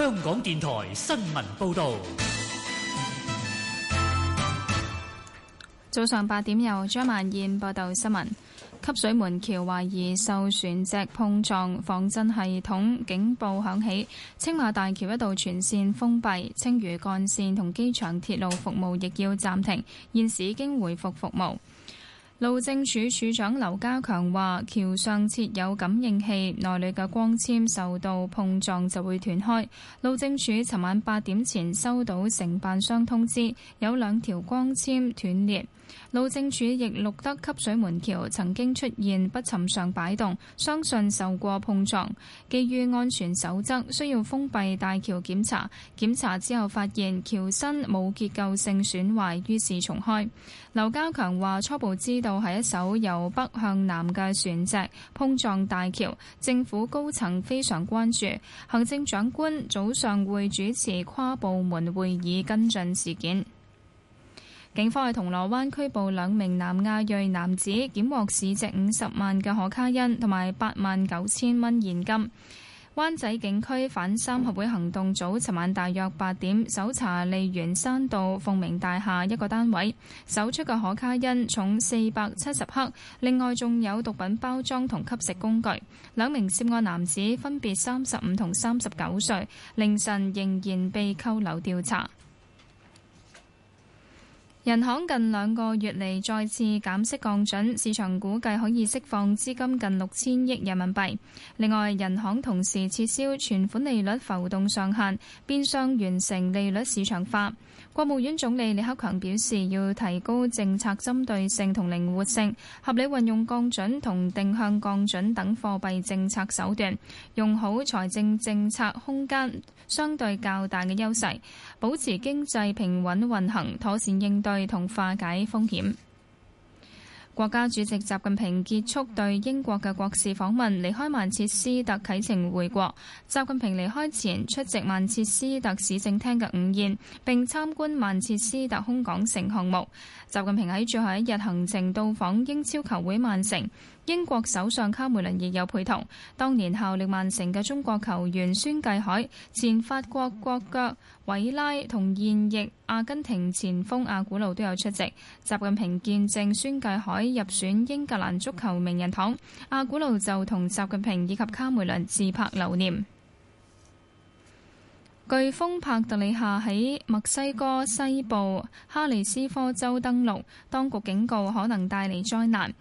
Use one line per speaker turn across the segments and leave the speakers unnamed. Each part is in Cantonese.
香港電台新聞報道：
早上八點由張萬燕報道新聞。汲水門橋懷疑受船隻碰撞，防震系統警報響起。青馬大橋一度全線封閉，青嶼幹線同機場鐵路服務亦要暫停。現時已經回復服務。路政署署長劉家強話：橋上設有感應器，內裏嘅光纖受到碰撞就會斷開。路政署尋晚八點前收到承辦商通知，有兩條光纖斷裂。路政署亦錄得汲水門橋曾經出現不尋常擺動，相信受過碰撞。基於安全守則，需要封閉大橋檢查。檢查之後發現橋身冇結構性損壞，於是重開。劉家強話初步知道係一艘由北向南嘅船隻碰撞大橋，政府高層非常關注，行政長官早上會主持跨部門會議跟進事件。警方喺銅鑼灣拘捕，捕兩名南亞裔男子，檢獲市值五十萬嘅可卡因同埋八萬九千蚊現金。灣仔警區反三合會行動組尋晚大約八點搜查利園山道鳳鳴大廈一個單位，搜出嘅可卡因重四百七十克，另外仲有毒品包裝同吸食工具。兩名涉案男子分別三十五同三十九歲，凌晨仍然被扣留調查。人行近兩個月嚟再次減息降準，市場估計可以釋放資金近六千億人民幣。另外，人行同時撤銷存款利率浮動上限，變相完成利率市場化。國務院總理李克強表示，要提高政策針對性同靈活性，合理運用降準同定向降準等貨幣政策手段，用好財政政策空間，相對較大嘅優勢，保持經濟平穩運行，妥善應對同化解風險。國家主席習近平結束對英國嘅國事訪問，離開曼徹斯特啟程回國。習近平離開前出席曼徹斯特市政廳嘅午宴，並參觀曼徹斯特空港城項目。習近平喺最後一日行程到訪英超球會曼城。英國首相卡梅倫亦有陪同。當年效力曼城嘅中國球員孫繼海、前法國國腳韋拉同現役阿根廷前鋒阿古路都有出席。習近平見證孫繼海入選英格蘭足球名人堂，阿古路就同習近平以及卡梅倫自拍留念。颶風帕特里夏喺墨西哥西部哈利斯科州登陸，當局警告可能帶嚟災難。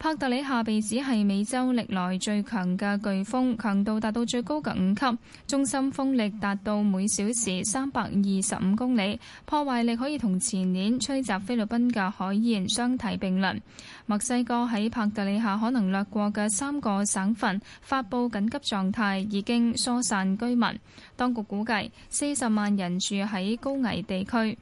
帕特里夏被指係美洲歷來最強嘅颶風，強度達到最高嘅五級，中心風力達到每小時三百二十五公里，破壞力可以同前年吹襲菲律賓嘅海燕相提並論。墨西哥喺帕特里夏可能掠過嘅三個省份發佈緊急狀態，已經疏散居民。當局估計四十萬人住喺高危地區。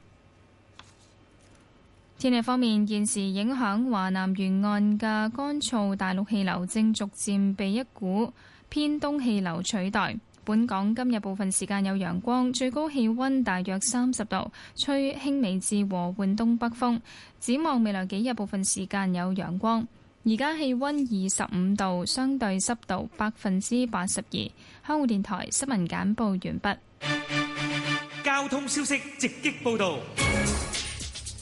天氣方面，現時影響華南沿岸嘅乾燥大陸氣流正逐漸被一股偏東氣流取代。本港今日部分時間有陽光，最高氣溫大約三十度，吹輕微至和緩東北風。展望未來幾日部分時間有陽光。而家氣溫二十五度，相對濕度百分之八十二。香港電台新聞簡報完畢。
交通消息直擊報道。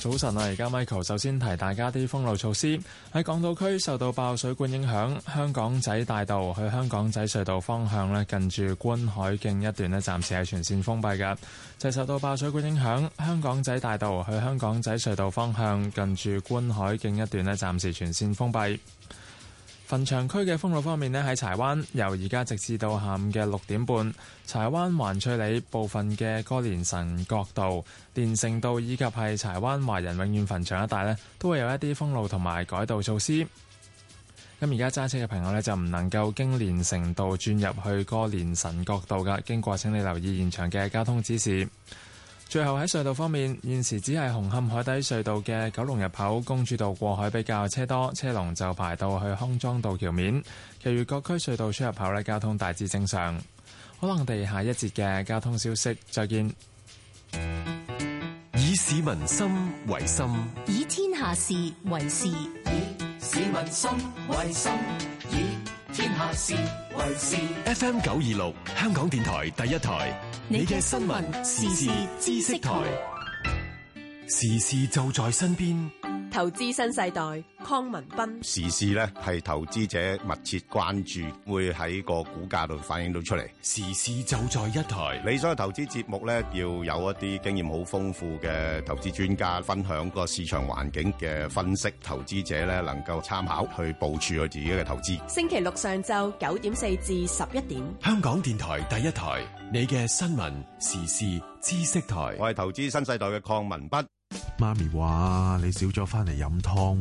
早晨啊！而家 Michael 首先提大家啲封路措施。喺港島區受到爆水管影響，香港仔大道去香港仔隧道方向呢，近住觀海徑一段呢暫時係全線封閉噶，就受到爆水管影響，香港仔大道去香港仔隧道方向近住觀海徑一段呢暫時全線封閉。墳場區嘅封路方面呢，喺柴灣由而家直至到下午嘅六點半，柴灣環翠里部分嘅哥連臣角道、連城道以及係柴灣華人永遠墳場一帶呢，都會有一啲封路同埋改道措施。咁而家揸車嘅朋友呢，就唔能夠經連城道轉入去哥連臣角道㗎，經過請你留意現場嘅交通指示。最後喺隧道方面，現時只係紅磡海底隧道嘅九龍入口、公主道過海比較車多，車龍就排到去康莊道橋面。其餘各區隧道出入口呢，交通大致正常。可能地下一節嘅交通消息，再見。以市民心為心，
以天下事為事，以市民心為心。天下事為事 F M 九
二六，香港電台第一台，你嘅新聞時事知識台，時事就在身邊。
投資新世代鄺文斌，
時事呢係投資者密切關注，會喺個股價度反映到出嚟。時事就在一台，你所投資節目呢，要有一啲經驗好豐富嘅投資專家分享個市場環境嘅分析，投資者呢能夠參考去部署佢自己嘅投資。
星期六上晝九點四至十一點，
香港電台第一台，你嘅新聞時事知識台，我係投資新世代嘅鄺文斌。媽咪話：你少咗翻嚟飲湯。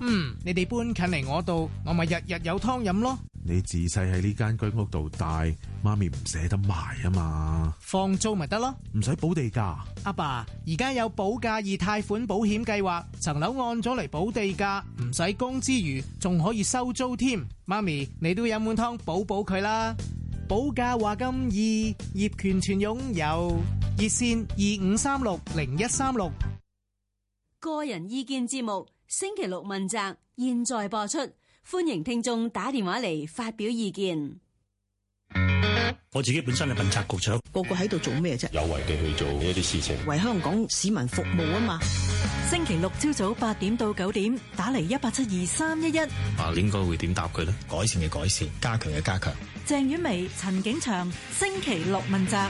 嗯，
你哋搬近嚟我度，我咪日日有湯飲咯。
你自細喺呢間居屋度大，媽咪唔捨得賣啊嘛，放租咪得咯，唔使補地價。
阿爸而家有保價易貸款保險計劃，層樓按咗嚟補地價，唔使供之餘仲可以收租添。媽咪，你都飲碗湯補補佢啦。保保保駕華金二業權全擁有熱線二五三六
零一三六。
個人意見節目星期六問責，現在播出，歡迎聽眾打電話嚟發表意見。
我自己本身係問責局長，個個喺度做咩啫？有為地去做一啲事情，
為香港市民服務啊嘛。星期六朝早八點到九點，打嚟一八七二
三一一。啊，應該會點答佢咧？改善嘅改善，加強嘅加強。
鄭婉薇、陳景祥、星期六問責。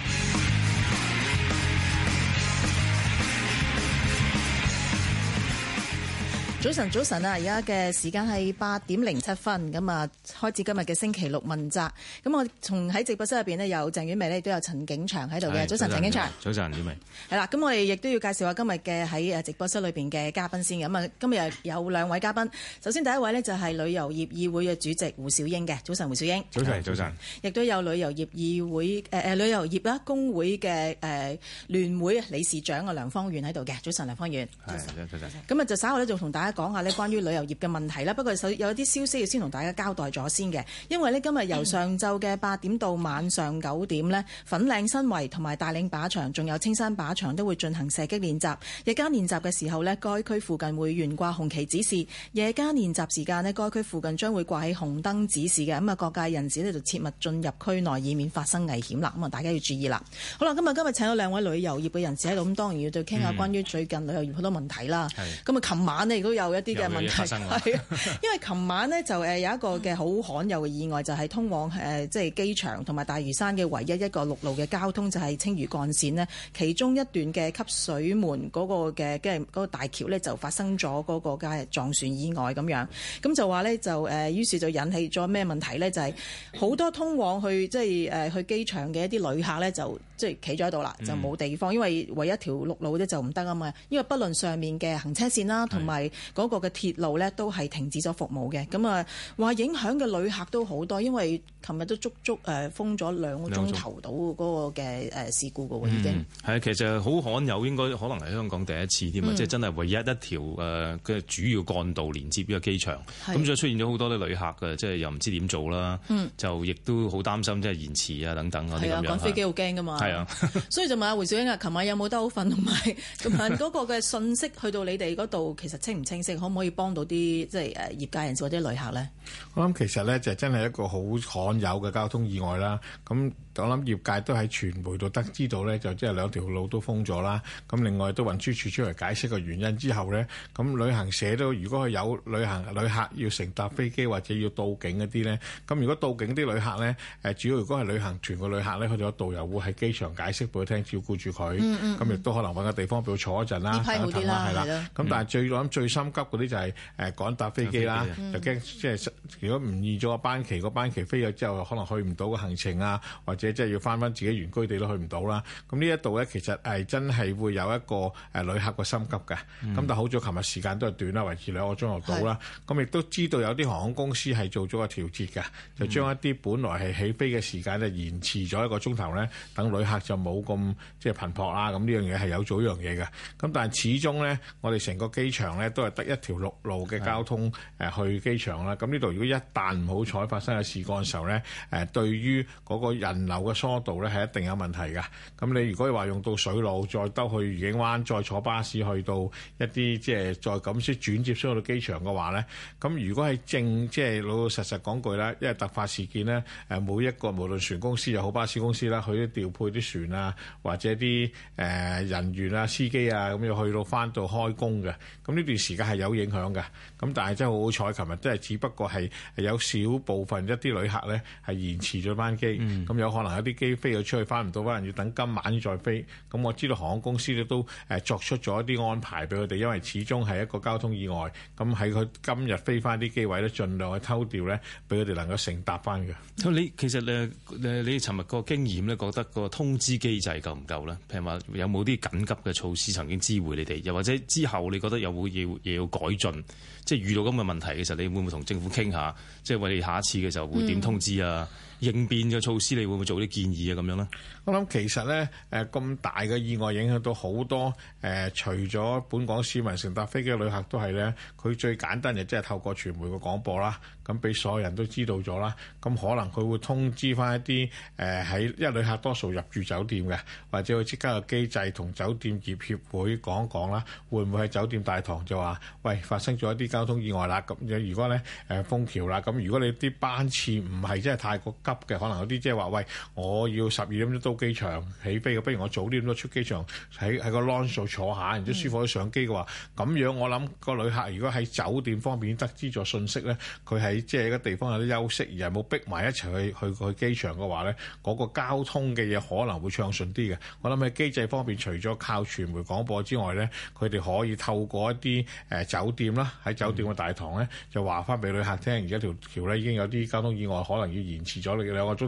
早晨，早晨啊！而家嘅時間係八點零七分，咁啊開始今日嘅星期六問責，咁我從喺直播室入邊咧，有鄭婉薇咧，都有陳景祥喺度嘅。早晨，陳景祥。
早晨，婉
薇。係啦，咁我哋亦都要介紹下今日嘅喺直播室裏邊嘅嘉賓先。咁啊，今日有兩位嘉賓，首先第一位咧就係旅遊業議會嘅主席胡兆英嘅。早晨，胡兆英。早晨，早晨。亦都有旅遊業議會誒誒旅遊業啦工會嘅誒聯會理事長啊梁芳遠喺度嘅。早晨，梁芳遠。早晨，早晨。咁啊，就稍後咧就同大。講下呢關於旅遊業嘅問題啦，不過首有啲消息要先同大家交代咗先嘅，因為呢今日由上晝嘅八點到晚上九點呢、嗯、粉嶺新圍同埋大嶺靶場，仲有青山靶場都會進行射擊練習。日間練習嘅時候呢，該區附近會懸掛紅旗指示；夜間練習時間呢，該區附近將會掛起紅燈指示嘅。咁啊，各界人士呢，就切勿進入區內，以免發生危險啦。咁啊，大家要注意啦。好啦，今日今日請到兩位旅遊業嘅人士喺度，咁當然要就傾下關於最近旅遊業好多問題啦。咁啊、嗯，琴晚呢有一啲嘅問題，係啊，是 因為琴晚呢，就誒有一個嘅好罕有嘅意外，就係、是、通往誒即係機場同埋大嶼山嘅唯一一個陸路嘅交通，就係青嶼幹線呢其中一段嘅汲水門嗰個嘅即係嗰個大橋呢，就發生咗嗰個嘅撞船意外咁樣，咁就話呢，就誒、呃，於是就引起咗咩問題呢？就係、是、好多通往去即係誒去機場嘅一啲旅客呢，就。即係企咗喺度啦，就冇地方，嗯、因為唯一條陸路咧就唔得啊嘛。因為不論上面嘅行車線啦，同埋嗰個嘅鐵路咧都係停止咗服務嘅。咁啊是，話影響嘅旅客都好多，因為琴日都足足誒封咗兩個鐘頭到嗰個嘅誒事故嘅喎、嗯、已經。
係啊，其實好罕有，應該可能係香港第一次添啊！嗯、即係真係唯一一條誒嘅主要幹道連接呢個機場，咁再是出現咗好多啲旅客嘅，即係又唔知點做啦，嗯、就亦都好擔心即係延遲啊等等咁係啊，講些飛機好驚㗎嘛～係
啊， 所以就問下胡兆英，啊，琴晚有冇得好瞓，同埋同埋嗰個嘅信息去到你哋嗰度，其實清唔清晰，可唔可以幫到啲即係誒業界人士或者旅客咧？
我諗其實咧就真係一個好罕有嘅交通意外啦，咁。我諗業界都喺傳媒度得知到咧，就即係兩條路都封咗啦。咁另外都運輸處出嚟解釋個原因之後咧，咁旅行社都如果佢有旅行旅客要乘搭飛機或者要到境嗰啲咧，咁如果到境啲旅客咧，誒主要如果係旅行團嘅旅客咧，佢哋有導遊會喺機場解釋俾佢聽，照顧住佢，咁亦都可能揾個地方俾佢坐一陣啦，係啦，係啦。咁但係最我諗最心急嗰啲就係誒趕搭飛機啦，就驚即係如果唔預咗個班期，個班期飛咗之後可能去唔到個行程啊，或者。即係要返返自己原居地都去唔到啦，咁呢一度呢，其實係真係會有一個誒旅客嘅心急嘅，咁、嗯、但好在琴日時間都係短啦，維持兩個鐘頭到啦，咁亦是都知道有啲航空公司係做咗個調節嘅，就將一啲本來係起飛嘅時間呢，延遲咗一個鐘頭呢，等、嗯、旅客就冇咁即係頻撲啦，咁呢樣嘢係有做一樣嘢嘅，咁但始終呢，我哋成個機場呢，都係得一條陸路嘅交通去機場啦，咁呢度如果一旦唔好彩發生嘅事故嘅時候呢，誒、嗯呃、對於嗰個人流有個疏導咧，係一定有問題嘅。咁你如果話用到水路，再兜去愉景灣再坐巴士去到一啲即係再咁先轉接先去到機場嘅話咧，咁如果係正即係老老實實講句啦，因為突發事件咧，誒每一個無論船公司又好，巴士公司啦，去調配啲船啊或者啲誒人員啊司機啊咁樣去到翻到開工嘅，咁呢段時間係有影響嘅。咁但係真係好好彩，琴日都係只不過係有少部分一啲旅客咧係延遲咗班機，咁有可能。有啲機飛咗出去，翻唔到翻，可能要等今晚再飛。咁我知道航空公司咧都誒作出咗一啲安排俾佢哋，因為始終係一個交通意外。咁喺佢今日飛翻啲機位咧，盡量去偷掉咧，俾佢哋能夠乘搭翻嘅。
你其實誒誒，你尋日個經驗咧，覺得個通知機制夠唔夠咧？譬如話有冇啲緊急嘅措施曾經支援你哋？又或者之後你覺得有冇嘢要，要改進？即係遇到咁嘅問題嘅時候，其實你會唔會同政府傾下？即係為下一次嘅時候會點通知啊？嗯應變嘅措施，你會唔
會做啲建議啊？咁樣咧，我諗其實咧，誒咁大嘅意外影響到好多誒、呃，除咗本港市民乘搭飛機嘅旅客都係咧，佢最簡單嘅，即係透過傳媒嘅廣播啦，咁俾所有人都知道咗啦。咁可能佢會通知返一啲誒喺一旅客多數入住酒店嘅，或者佢即刻個機制同酒店業協會講講啦，會唔會喺酒店大堂就話，喂，發生咗一啲交通意外啦？咁樣如果咧誒封橋啦，咁如果你啲班次唔係真係太過，急嘅可能有啲即係話喂，我要十二點鐘到機場起飛，嘅，不如我早啲咁多出機場，喺喺個 lounge 坐下，然之後舒服咗上機嘅話，咁、嗯、樣我諗個旅客如果喺酒店方面得知咗信息咧，佢喺即係一個地方有啲休息，而係冇逼埋一齊去去去機場嘅話咧，嗰個交通嘅嘢可能會暢順啲嘅。我諗喺機制方面，除咗靠傳媒廣播之外咧，佢哋可以透過一啲誒、呃、酒店啦，喺酒店嘅大堂咧、嗯、就話翻俾旅客聽，而家條橋咧已經有啲交通意外，可能要延遲咗。兩個鐘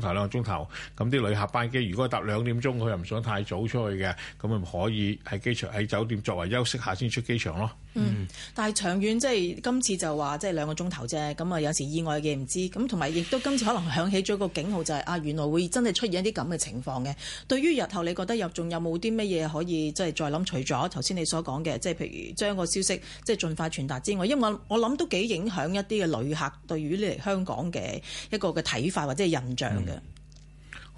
頭，兩個鐘頭，咁啲旅客班機，如果搭兩點鐘，佢又唔想太早出去嘅，咁咪可以喺機場喺酒店作為，休息下先出機場咯。嗯，嗯，
但係長遠即係今次就話即係兩個鐘頭啫，咁啊有時意外嘅唔知，咁同埋亦都今次可能響起咗個警號，就是，就係啊原來會真係出現一啲咁嘅情況嘅。對於日後你覺得又仲有冇啲咩嘢可以即係再諗？除咗頭先你所講嘅，即係譬如將個消息即係盡快傳達之外，因為我我諗都幾影響一啲嘅旅客對於你嚟香港嘅一個嘅睇法或者係印象嘅。嗯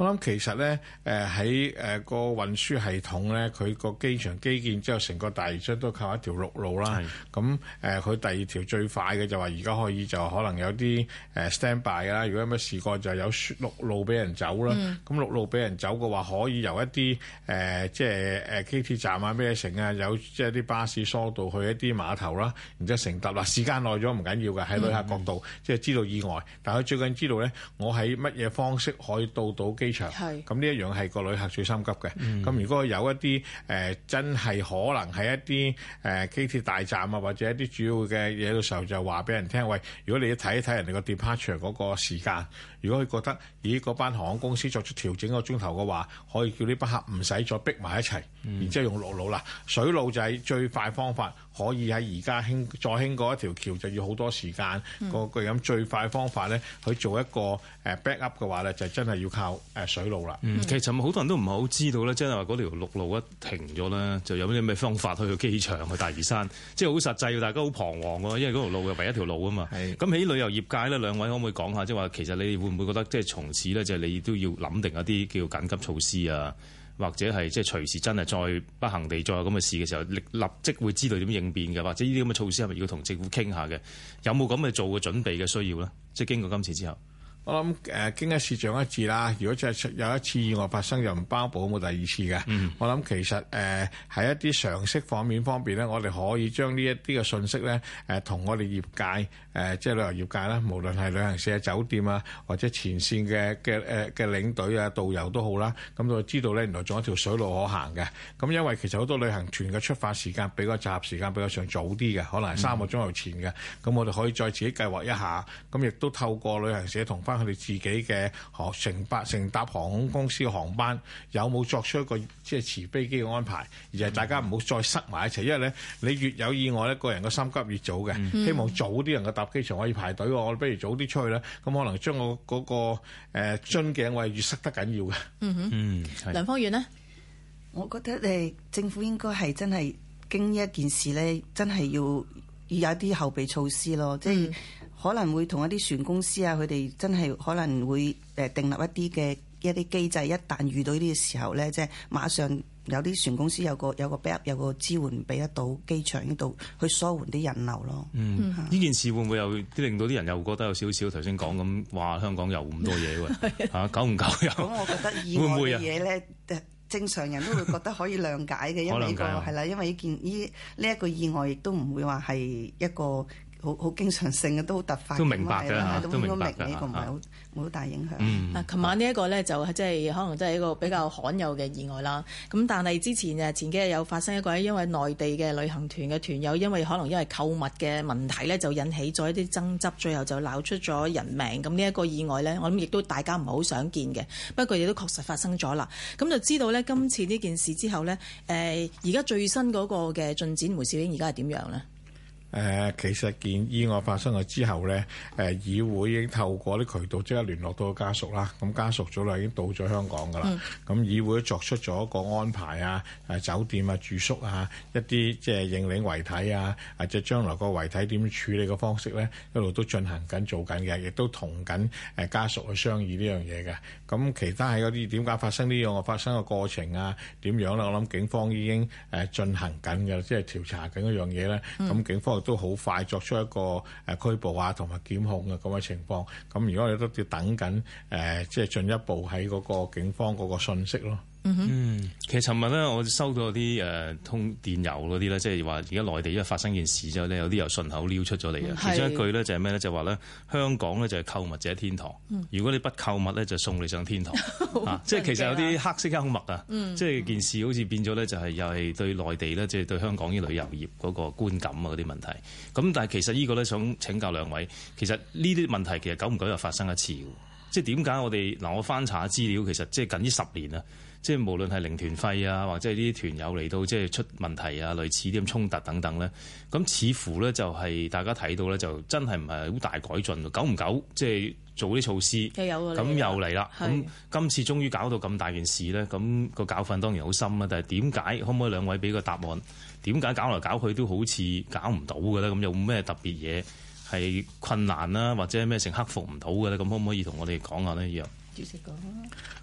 我諗其實咧，誒喺誒個運輸系統咧，佢個機場基建之後，成個大嶼山都靠一條陸路啦。咁誒是，佢、嗯呃、第二條最快嘅就話而家可以就可能有啲誒、呃、standby 啦。如果有咩事故，就有陸路俾人走啦。咁、嗯、陸路俾人走嘅話，可以由一啲誒、呃、即係誒機鐵站啊、咩城啊，有即係啲巴士疏導去一啲碼頭啦。然之後乘搭嗱，時間耐咗唔緊要嘅，喺旅客角度、嗯、即係知道意外。但佢最近知道咧，我喺乜嘢方式可以到到機？係咁呢？一是樣係個旅客最心急嘅。咁、嗯、如果有一啲誒、呃，真係可能係一啲誒，機、呃、鐵大站啊，或者一啲主要嘅嘢嘅時候，就話俾人聽喂。如果你要睇一睇人哋個 departure 嗰個時間，如果佢覺得咦嗰班航空公司作出調整個鐘頭嘅話，可以叫啲賓客唔使再逼埋一齊，嗯、然之後用陸路啦，水路就係最快方法。可以喺而家興再興過一條橋，就要好多時間。個句咁最快方法咧，去做一個誒 backup 嘅話咧，就真係要靠。誒水路啦、嗯，
其實好多人都唔係好知道咧，即係話嗰條陸路一停咗咧，就有啲咩方法去到機場、去大嶼山，即係好實際，大家好彷徨㗎，因為嗰條路又唯一條路啊嘛。咁喺是的 旅遊業界咧，兩位可唔可以講下，即係話其實你會唔會覺得，即係從此咧，就係你都要諗定一啲叫緊急措施啊，或者係即係隨時真係再不幸地再有咁嘅事嘅時候，立即會知道點應變嘅，或者呢啲咁嘅措施係咪要同政府傾下嘅？有冇咁嘅做嘅準備嘅需要咧？即係經過今次之後。
我諗誒、呃，經一事長一智啦。如果真係有一次意外發生，又唔包保冇第二次嘅。嗯、我諗其實誒，喺、呃、一啲常識方面方面，咧，我哋可以將呢一啲嘅信息咧，誒、呃，同我哋業界。誒，即係旅遊業界啦，無論係旅行社、酒店啊，或者前綫嘅嘅誒嘅領隊啊、導遊都好啦，咁就知道咧，原來仲有一條水路可行嘅。咁因為其實好多旅行團嘅出發時間比較集合時間比較上早啲嘅，可能係三個鐘頭前嘅。咁、嗯、我哋可以再自己計劃一下。咁亦都透過旅行社同翻佢哋自己嘅航乘搭乘搭航空公司嘅航班，有冇作出一個即係遲飛機嘅安排？而係大家唔好再塞埋一齊，因為咧你越有意外咧，個人嘅心急越早嘅，嗯、希望早啲人嘅。搭機場可以排隊，我不如早啲出去啦。咁可能將我嗰個，誒樽頸位越塞得緊要嘅。嗯哼，嗯是梁
芳遠呢，我覺得咧，政府應該係真係經一件事咧，真係要要有啲後備措施咯。即係可能會同一啲船公司啊，佢哋真係可能會誒訂立一啲嘅一啲機制，一旦遇到呢啲嘅時候咧，即係馬上。有啲船公司有個有個 backup 有個支援俾得到機場呢度去疏緩啲人流咯。嗯，
呢件事會唔會又啲令到啲人又覺得有少少頭先講咁話香港有咁多嘢喎？嚇久唔久又。咁我覺
得意外嘅嘢咧，正常人都會覺得可以諒解嘅，因為呢個係啦，因為呢件呢呢一個意外亦都唔會話係一個。好好經常性嘅都好突
發，都明白嘅，的都明呢嘅，唔係好冇大影響的。啊、
嗯，琴晚呢一個咧就即係可能真係一個比較罕有嘅意外啦。咁但係之前誒前幾日有發生一個因為內地嘅旅行團嘅團友因為可能因為購物嘅問題咧就引起咗一啲爭執，最後就鬧出咗人命。咁呢一個意外咧，我諗亦都大家唔係好想見嘅。不過亦都確實發生咗啦。咁就知道咧今次呢件事之後咧，誒而家最新嗰個嘅進展，胡兆英而家係點樣咧？
誒其實件意外發生咗之後咧，誒議會已經透過啲渠道即係聯絡到家屬啦。咁家屬早就已經到咗香港㗎啦。咁、嗯、議會也作出咗一個安排啊，誒酒店啊住宿啊，一啲即係認領遺體啊，或者將來個遺體點處理嘅方式咧，一路都進行緊做緊嘅，亦都同緊誒家屬去商議呢樣嘢嘅。咁其他係嗰啲點解發生呢樣嘅？發生嘅過程啊，點樣咧？我諗警方已經誒進行緊嘅，即係調查緊嗰樣嘢咧。咁、嗯、警方。都好快作出一個誒拘捕啊，同埋檢控嘅咁嘅情況。咁如果你都要等緊，誒即係進一步喺嗰個警方嗰個信息咯。Mm hmm.
嗯哼，其實尋日咧，我收到啲誒通電郵嗰啲咧，即係話而家內地因為發生件事之後咧，有啲又順口溜出咗嚟啊。Mm hmm. 其中一句咧就係咩咧？就話咧，香港咧就係購物者天堂。Mm hmm. 如果你不購物咧，就送你上天堂啊！即係其實有啲黑色幽默啊！Mm hmm. 即係件事好似變咗咧，就係又係對內地咧，即係對香港啲旅遊業嗰個觀感啊嗰啲問題。咁但係其實呢個咧想請教兩位，其實呢啲問題其實久唔久又發生一次。即係點解我哋嗱？我翻查資料，其實即係近呢十年啊，即係無論係零團費啊，或者係啲團友嚟到即係出問題啊，類似啲咁衝突等等咧，咁似乎咧就係、是、大家睇到咧，就真係唔係好大改進咯。久唔久即係做啲措施，咁又嚟啦。咁是今次終於搞到咁大件事咧，咁個教訓當然好深啊。但係點解可唔可以兩位俾個答案？點解搞來搞去都好似搞唔到嘅咧？咁有冇咩特別嘢？係困難啦，或者咩成克服唔到嘅咧？咁可唔可以同我哋講下呢？胡主席
講。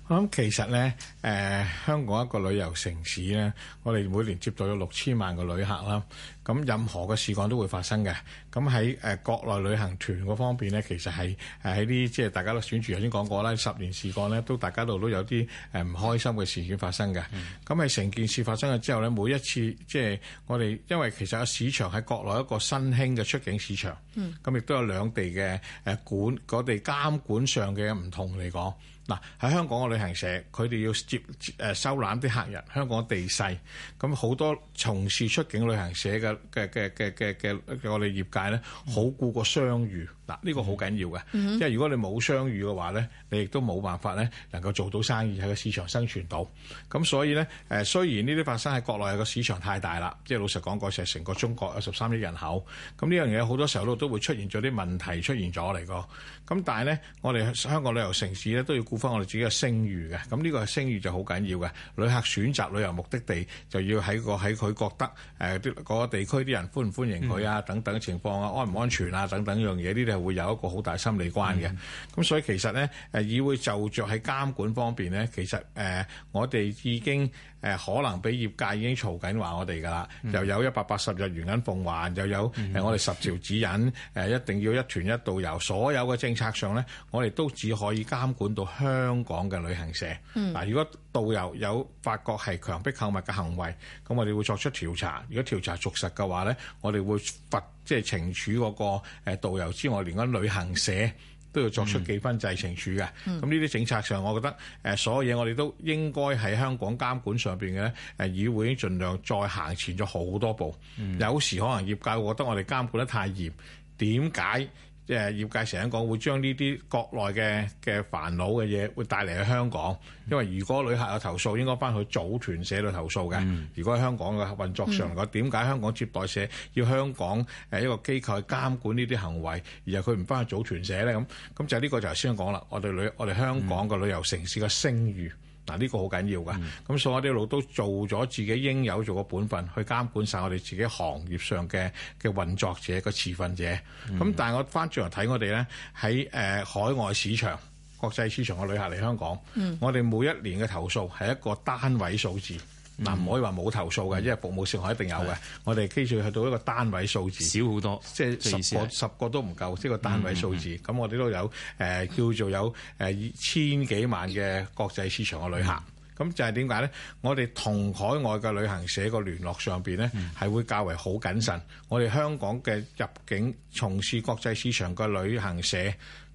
我諗其實咧，誒、呃、香港一個旅遊城市咧，我哋每年接待咗六千萬個旅客啦。咁任何嘅事況都會發生嘅。咁喺誒國內旅行團嗰方面咧，其實係喺啲即係大家都選住頭先講過啦，十年事況咧都大家度都有啲誒唔開心嘅事件發生嘅。咁係成件事發生咗之後咧，每一次即係我哋因為其實個市場喺國內一個新興嘅出境市場，咁亦、嗯、都有兩地嘅誒、呃、管嗰地監管上嘅唔同嚟講。嗱喺香港嘅旅行社，佢哋要接誒、呃、收攬啲客人。香港地勢咁好多從事出境旅行社嘅嘅嘅嘅嘅嘅我哋業界咧，好、嗯、顧個商譽。嗱呢、嗯、個好緊要嘅，嗯、因為如果你冇商譽嘅話咧，你亦都冇辦法咧能夠做到生意喺個市場生存到。咁所以咧誒、呃，雖然呢啲發生喺國內個市場太大啦，即、就、係、是、老實講過，成成個中國有十三億人口，咁呢樣嘢好多時候都都會出現咗啲問題出現咗嚟個。咁但係咧，我哋香港旅遊城市咧都要顧翻我哋自己嘅聲譽嘅。咁、這、呢個係聲譽就好緊要嘅。旅客選擇旅遊目的地就要喺個喺佢覺得誒啲嗰個地區啲人歡唔歡迎佢啊，等等情況啊，安唔安全啊，等等樣嘢，呢啲係會有一個好大心理關嘅。咁、嗯、所以其實咧誒，議會就着喺監管方面咧，其實誒我哋已經。誒可能俾業界已經嘈緊話我哋噶啦，嗯、又有一百八十日原銀奉還，又有我哋十條指引，嗯、一定要一團一導遊，所有嘅政策上咧，我哋都只可以監管到香港嘅旅行社。嗱、嗯，如果導遊有發覺係強迫購物嘅行為，咁我哋會作出調查。如果調查屬實嘅話咧，我哋會罰即係、就是、懲處嗰個誒導遊之外，連嗰旅行社，都要作出幾分制懲處嘅，咁呢啲政策上，我覺得誒所有嘢我哋都應該喺香港監管上面嘅咧，誒議會已經盡量再行前咗好多步，嗯，有時可能業界會覺得我哋監管得太嚴，點解？即係業界成日講會將呢啲國內嘅嘅煩惱嘅嘢會帶嚟去香港，因為如果旅客有投訴，應該翻去組團社度投訴嘅。嗯、如果喺香港嘅運作上嚟講，點解、嗯、香港接待社要香港誒一個機構去監管呢啲行為，而係佢唔翻去組團社咧？咁咁就呢個就係先講啦。我哋旅我哋香港嘅旅遊城市嘅聲譽。嗱，呢個好緊要㗎，咁、嗯、所以我哋一路都做咗自己應有做個本分，去監管晒我哋自己行業上嘅嘅運作者個持份者。咁、嗯、但係我翻轉頭睇我哋咧，喺誒海外市場國際市場嘅旅客嚟香港，嗯、我哋每一年嘅投訴係一個單位數字。嗱，唔、嗯、可以話冇投訴嘅，因為服務性我一定有嘅。的我哋基數去到一個單位數字少好多，即係十個十個都唔夠，即係個單位數字。咁、嗯、我哋都有、呃、叫做有千幾萬嘅國際市場嘅旅客。咁、嗯、就係點解咧？我哋同海外嘅旅行社個聯絡上面咧，係、嗯、會較為好謹慎。嗯、我哋香港嘅入境從事國際市場嘅旅行社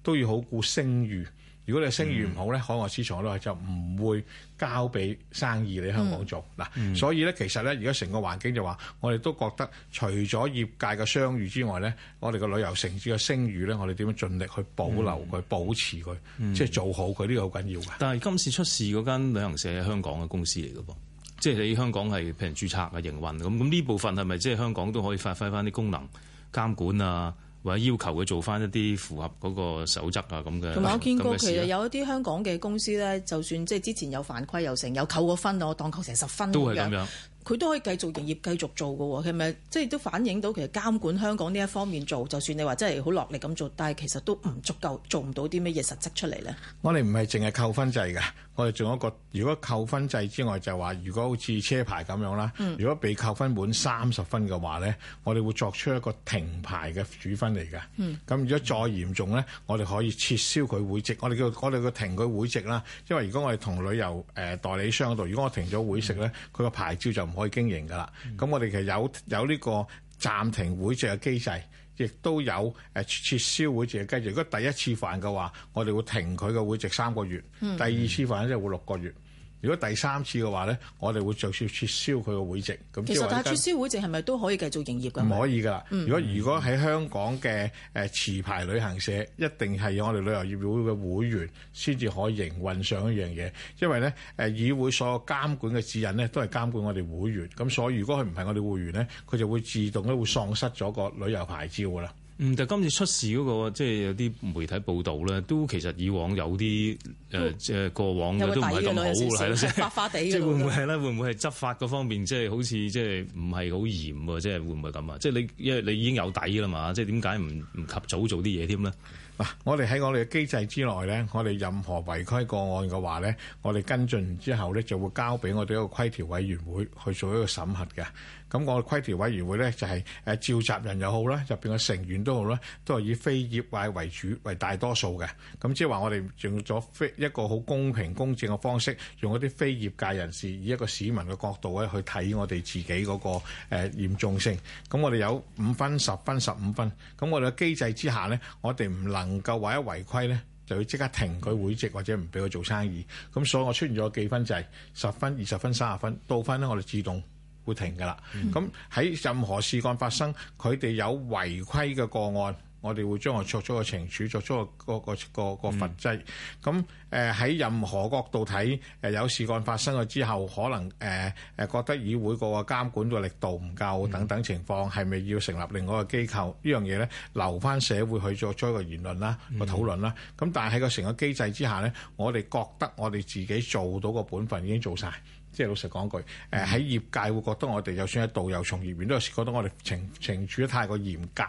都要好顧聲譽。如果你聲譽唔好咧，嗯、海外市場都係就唔會。交俾生意喺香港做嗱，嗯嗯、所以咧其實咧，而家成個環境就話，我哋都覺得除咗業界嘅商譽之外咧，我哋個旅遊城市嘅聲譽咧，我哋點樣盡力去保留佢、嗯、保持佢，嗯、即係做好佢呢個好緊要嘅。但係今次出事
嗰間旅行社喺香港嘅公司嚟嘅噃，即係你香港係譬如註冊、營運咁，咁呢部分係咪即係香港都可以發揮翻啲功能監管啊？或者要求佢做翻一啲符合嗰個守則啊咁嘅，同埋我見過其實有
一啲香港嘅公司咧，就算即係之前有犯規又成，有扣過分啊，我當扣成十分都係咁樣。佢都可以繼續營業，繼續做噶喎，係咪即係都反映到其實監管香港呢一方面做，就算你話真係好落力咁做，但係其實都唔足夠，做唔到啲乜嘢實質出嚟咧？
我哋唔係淨係扣分制嘅，我哋仲有一個。如果扣分制之外，就係話如果好似車牌咁樣啦，嗯、如果被扣分滿三十分嘅話咧，我哋會作出一個停牌嘅處分嚟嘅。咁、嗯、如果再嚴重咧，我哋可以撤銷佢會籍，我哋叫我哋個停佢會籍啦。因為如果我哋同旅遊誒代理商度，如果我停咗會籍咧，佢個、嗯、牌照就不可以經營噶啦，咁我哋其實有有呢個暫停會籍嘅機制，亦都有誒撤銷會籍嘅機制。如果第一次犯嘅話，我哋會停佢嘅會籍三個月；第二次犯嘅，即係會六個月。如果第三次嘅話咧，我哋會著手撤銷佢個會籍。咁其實，但係撤銷會籍係咪都可以繼續營業噶？唔可以㗎、嗯。如果如果喺香港嘅持牌旅行社，一定係有我哋旅遊業會嘅會員先至可以營運上一樣嘢。因為咧誒，議會所有監管嘅指引咧，都係監管我哋會員。咁所以如果佢唔係我哋會員咧，佢就會自動咧會喪失咗個旅遊牌照㗎啦。
嗯，今次出事嗰個，即係有啲媒體報導咧，都其實以往有啲誒，即係過往嘅都唔係咁好嘅，係咯、嗯，即
係吧會唔會係
咧？會唔會係執法嗰方面，即係好似即係唔係好嚴喎？即係會唔會咁啊？即係你因為你已經有底啦嘛，即係點解唔唔及早做啲嘢添呢？
嗱，我哋喺我哋嘅機制之內咧，我哋任何違規個案嘅話咧，我哋跟進之後咧，就會交俾我哋一個規條委員會去做一個審核嘅。咁我規條委員會咧就係、是、誒召集人又好啦，入面嘅成員都好啦，都係以非業界為主為大多數嘅。咁即係話我哋用咗非一個好公平公正嘅方式，用一啲非業界人士以一個市民嘅角度咧去睇我哋自己嗰、那個、呃、嚴重性。咁我哋有五分、十分、十五分。咁我哋嘅機制之下呢，我哋唔能夠話一違規呢，就要即刻停佢會籍或者唔俾佢做生意。咁所以我出現咗記分制，十分、二十分、三十分，到分呢，我哋自動。會停㗎啦。咁喺、嗯、任何事幹發生，佢哋、嗯、有違規嘅個案，我哋會將我作出個懲處，作出個個個個個罰則。咁喺、嗯、任何角度睇，有事幹發生咗之後，可能誒誒、呃、覺得議會個個監管個力度唔夠，等等情況，係咪、嗯、要成立另外一個機構、這個、呢樣嘢咧，留翻社會去作出一個言論啦，個討論啦。咁、嗯、但係喺個成個機制之下咧，我哋覺得我哋自己做到個本分已經做晒。即係老實講句，誒喺、嗯、業界會覺得我哋就算係導遊從業員，都有覺得我哋懲懲處得太過嚴格、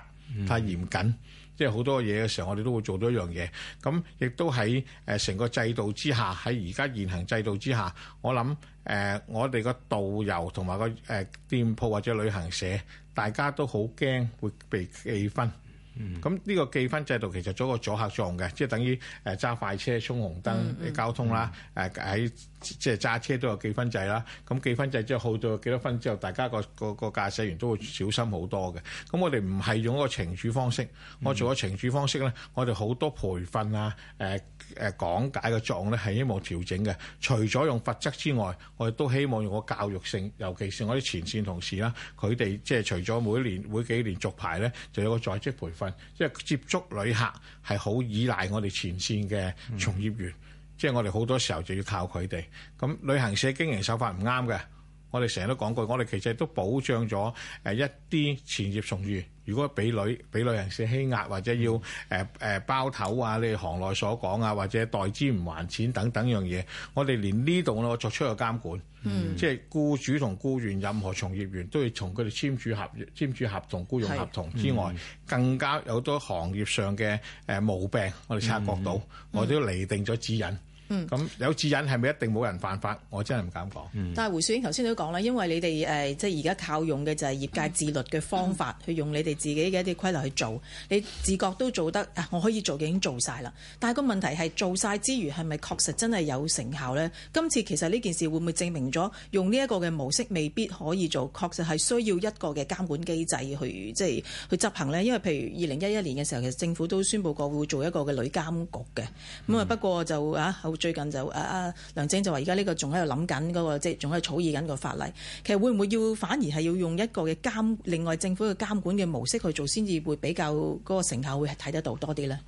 太嚴謹。嗯、即係好多嘢嘅時候，我哋都會做到一樣嘢。咁亦都喺誒成個制度之下，喺而家現行制度之下，我諗誒、呃、我哋個導遊同埋個誒店鋪或者旅行社，大家都好驚會被記分。咁呢、嗯、個記分制度其實做個阻嚇作用嘅，即係等於誒揸快車衝紅燈交通啦，誒喺、嗯。嗯呃即係揸車都有記分制啦，咁記分制之後好到幾多分之後，大家個個個駕駛員都會小心好多嘅。咁我哋唔係用一個懲處方式，我做一個懲處方式咧，我哋好多培訓啊，誒、呃、誒、呃、講解嘅作用咧係希望調整嘅。除咗用罰則之外，我哋都希望用個教育性，尤其是我啲前線同事啦，佢哋即係除咗每年每幾年續牌咧，就有個在職培訓，即係接觸旅客係好依賴我哋前線嘅從業員。嗯即係我哋好多時候就要靠佢哋，咁旅行社經營手法唔啱嘅。我哋成日都講過，我哋其實都保障咗一啲前業從業。如果俾女俾女人士欺壓，或者要誒包頭啊，你行內所講啊，或者代資唔還錢等等樣嘢，我哋連呢度咧我作出個監管，嗯、即係僱主同僱員任何從業員都要從佢哋簽署合簽署合同、僱用合同之外，嗯、更加有多行業上嘅毛病，我哋察覺到，嗯、我哋都釐定咗指引。嗯，咁有指引係咪一定冇人犯法？我真係唔敢講。嗯、但
係胡兆英頭先都講啦，因為你哋誒即係而家靠用嘅就係業界自律嘅方法、嗯、去用你哋自己嘅一啲規律去做，你自覺都做得，啊、我可以做嘅已經做晒啦。但係個問題係做晒之餘係咪確實真係有成效呢？今次其實呢件事會唔會證明咗用呢一個嘅模式未必可以做，確實係需要一個嘅監管機制去即係、就是、去執行呢？因為譬如二零一一年嘅時候其實政府都宣佈過會做一個嘅旅監局嘅，咁啊、嗯、不過就啊最近就阿梁晶就話，而家呢個仲喺度諗緊嗰個，即係仲喺度草擬緊個法例。其實會唔會要反而係要用一個嘅監，另外政府嘅監管嘅模式去做，先至會比較嗰個成效會係睇得到多啲呢？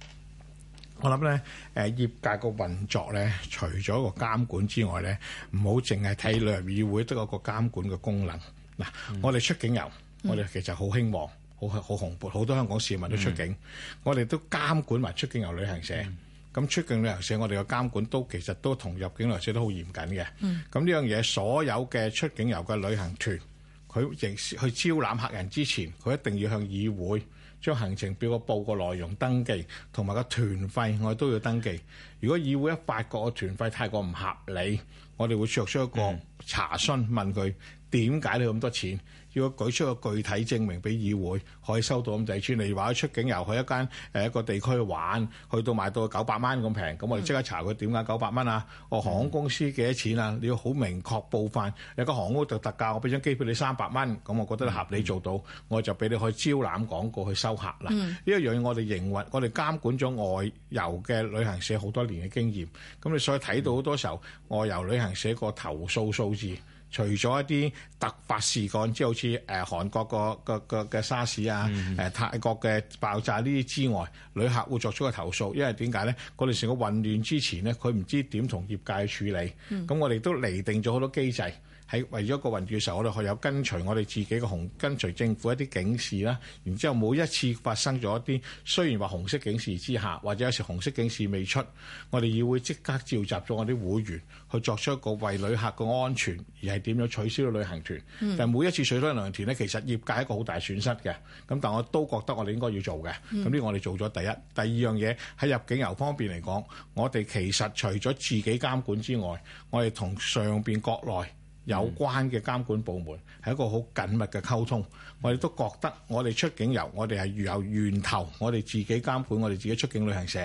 我諗咧，誒，業界個運作咧，除咗個監管之外咧，唔好淨係睇旅議會得一個監管嘅功能。嗱，我哋出境遊，嗯、我哋其實好興旺，好好蓬勃，好多香港市民都出境，嗯、我哋都監管埋出境遊旅行社。嗯咁出境旅行社我哋嘅監管都其實都同入境旅行社都好嚴謹嘅。咁呢、嗯、樣嘢，所有嘅出境遊嘅旅行團，佢亦去，去招攬客人之前，佢一定要向議會將行程表個報告內容登記，同埋個團費我哋都要登記。如果議會一發覺個團費太過唔合理，我哋會作出一個查詢問佢點解你咁多錢。如果舉出個具體證明俾議會，可以收到咁濟錢。例如話，出境遊去一間誒一個地區玩，去到賣到九百蚊咁平，咁我哋即刻查佢點解九百蚊啊？我航空公司幾多錢啊？你要好明確報翻。有個航空公司特價，我俾張機票你三百蚊，咁我覺得合理做到，嗯、我就俾你去招攬廣告去收客啦。呢一樣嘢我哋營運，我哋監管咗外遊嘅旅行社好多年嘅經驗，咁你所以睇到好多時候外遊旅行社個投訴數字。除咗一啲突發事端，即係好似誒韓國個個個嘅沙士啊，誒泰國嘅爆炸呢啲之外，旅客會作出嘅投訴，因為點解咧？嗰陣時個混亂之前咧，佢唔知點同業界處理，咁我哋都釐定咗好多機制。喺為咗個運轉嘅時候，我哋係有跟隨我哋自己嘅紅跟隨政府一啲警示啦。然之後每一次發生咗一啲雖然話紅色警示之下，或者有時紅色警示未出，我哋要會即刻召集咗我啲會員去作出一個為旅客嘅安全而係點樣取消旅行團。嗯、但每一次取消旅行團呢，咧，其實業界一個好大損失嘅。咁但係我都覺得我哋應該要做嘅。咁呢個，我哋做咗第一。嗯、第二樣嘢喺入境遊方面嚟講，我哋其實除咗自己監管之外，我哋同上邊國內。有關嘅監管部門係一個好緊密嘅溝通，我哋都覺得我哋出境遊，我哋係由源頭，我哋自己監管，我哋自己出境旅行社。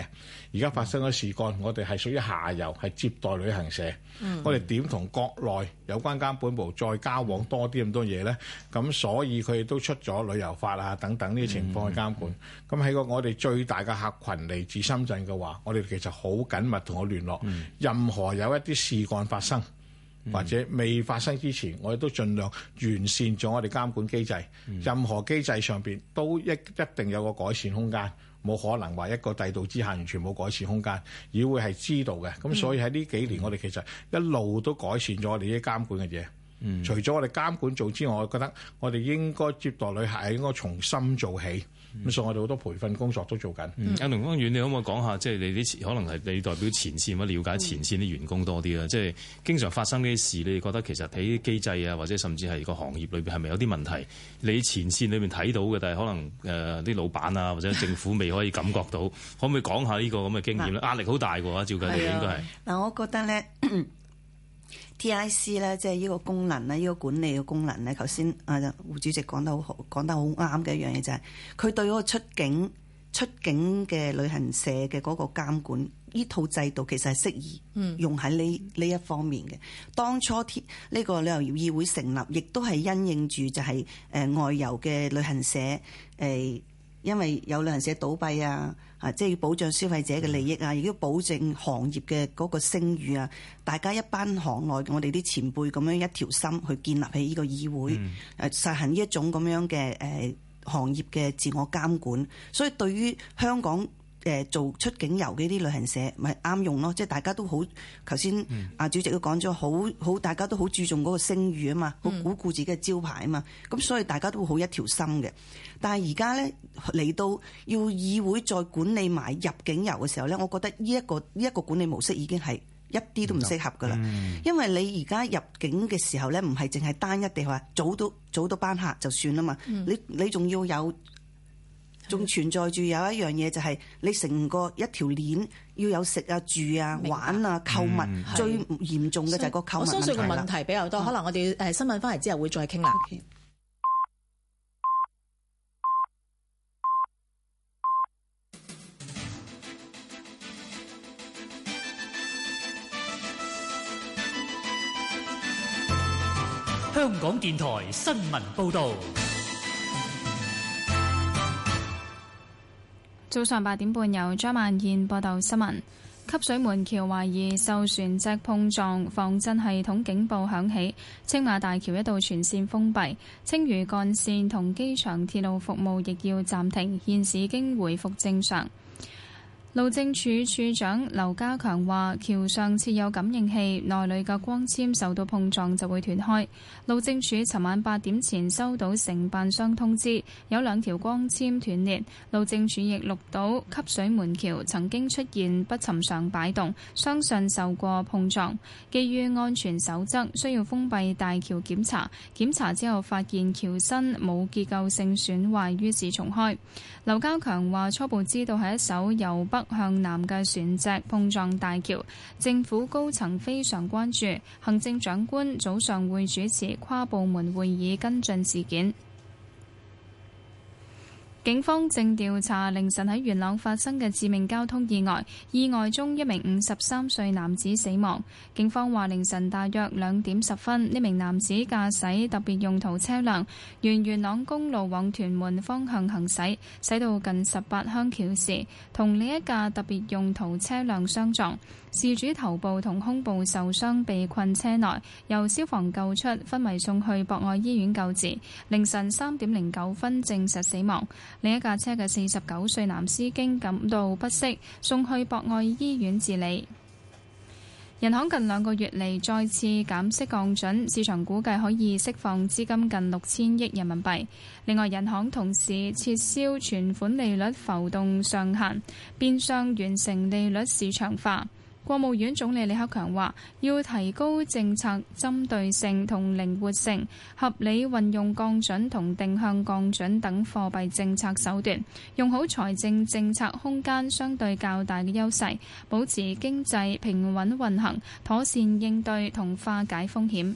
而家發生咗事幹，我哋係屬於下游，係接待旅行社。我哋點同國內有關監管部再交往多啲咁多嘢呢？咁所以佢哋都出咗旅遊法啊等等呢啲情況去監管。咁喺個我哋最大嘅客群嚟自深圳嘅話，我哋其實好緊密同我聯絡，任何有一啲事幹發生。或者未發生之前，我哋都盡量完善咗我哋監管機制。任何機制上邊都一一定有個改善空間，冇可能話一個制度之下完全冇改善空間，而會係知道嘅。咁所以喺呢幾年，嗯、我哋其實一路都改善咗我哋啲監管嘅嘢。嗯、除咗我哋監管做之外，我覺得我哋應該接待旅客應該從心做起。咁所以我哋好多培訓工作都做緊、嗯嗯。梁芳遠，
你可唔可以講下，即係你啲可能係你代表前線或者了解前線啲員工多啲啦？即係經常發生呢啲事，你哋覺得其實喺機制啊，或者甚至係個行業裏邊係咪有啲問題？你前線裏邊睇到嘅，但係可能誒啲、呃、老闆啊或者政府未可以感覺到， 可唔可以講下呢個咁嘅經驗咧？壓力好大㗎、啊、喎，照計你應該係。
嗱，我覺得咧。TIC 咧，IC，即係呢個功能咧，呢、這個管理嘅功能咧，頭先啊胡主席講得好，講得好啱嘅一樣嘢就係、是，佢對嗰個出境出境嘅旅行社嘅嗰個監管，呢套制度其實係適宜用喺呢呢一方面嘅。嗯、當初呢個旅遊業議會成立，亦都係因應住就係外遊嘅旅行社、欸因為有旅行社倒閉啊，啊，即係要保障消費者嘅利益啊，亦都保證行業嘅嗰個聲譽啊，大家一班行內我哋啲前輩咁樣一條心去建立起呢個議會，誒實行呢一種咁樣嘅誒行業嘅自我監管，所以對於香港，誒做出境遊嘅啲旅行社咪啱、就是、用咯，即係大家都好，頭先阿主席都講咗，好好、嗯、大家都好注重嗰個聲譽啊嘛，好鞏固、嗯、自己嘅招牌啊嘛，咁所以大家都好一條心嘅。但係而家咧嚟到要議會再管理埋入境遊嘅時候咧，我覺得呢、這、一個呢一、這個管理模式已經係一啲都唔適合噶啦，嗯、因為你而家入境嘅時候咧，唔係淨係單一地話早到早到班客就算啦嘛、嗯，你你仲要有。仲存在住有一樣嘢，就係、是、你成個一條鏈要有食啊、住啊、白玩啊、購物，嗯、最嚴重嘅就係個購物問題啦。我相信個問
題比較多，的可能我哋誒新聞翻嚟之後會再傾啦。Okay.
香港電台新聞報道。
早上八點半，由張曼燕報道新聞。汲水門橋懷疑受船隻碰撞，防震系統警報響起，青馬大橋一度全線封閉，青嶼幹線同機場鐵路服務亦要暫停，現時已經回復正常。路政署署長劉家強話：橋上設有感應器，內裡嘅光纖受到碰撞就會斷開。路政署尋晚八點前收到承辦商通知，有兩條光纖斷裂。路政署亦錄到汲水門橋曾經出現不尋常擺動，相信受過碰撞。基於安全守則，需要封閉大橋檢查。檢查之後發現橋身冇結構性損壞，於是重開。劉家強話：初步知道係一艘由北向南嘅船隻碰撞大橋，政府高層非常關注，行政長官早上會主持跨部門會議跟進事件。警方正調查凌晨喺元朗發生嘅致命交通意外，意外中一名五十三歲男子死亡。警方話，凌晨大約兩點十分，呢名男子駕駛特別用途車輛沿元朗公路往屯門方向行駛，駛到近十八鄉橋時，同另一架特別用途車輛相撞。事主頭部同胸部受傷，被困車內，由消防救出，昏迷送去博愛醫院救治，凌晨三點零九分證實死亡。另一架車嘅四十九歲男司機感到不適，送去博愛醫院治理。人行近兩個月嚟再次減息降準，市場估計可以釋放資金近六千億人民幣。另外，人行同時撤銷存款利率浮動上限，變相完成利率市場化。國務院總理李克強話：要提高政策針對性同靈活性，合理運用降準同定向降準等貨幣政策手段，用好財政政策空間相對較大嘅優勢，保持經濟平穩運行，妥善應對同化解風險。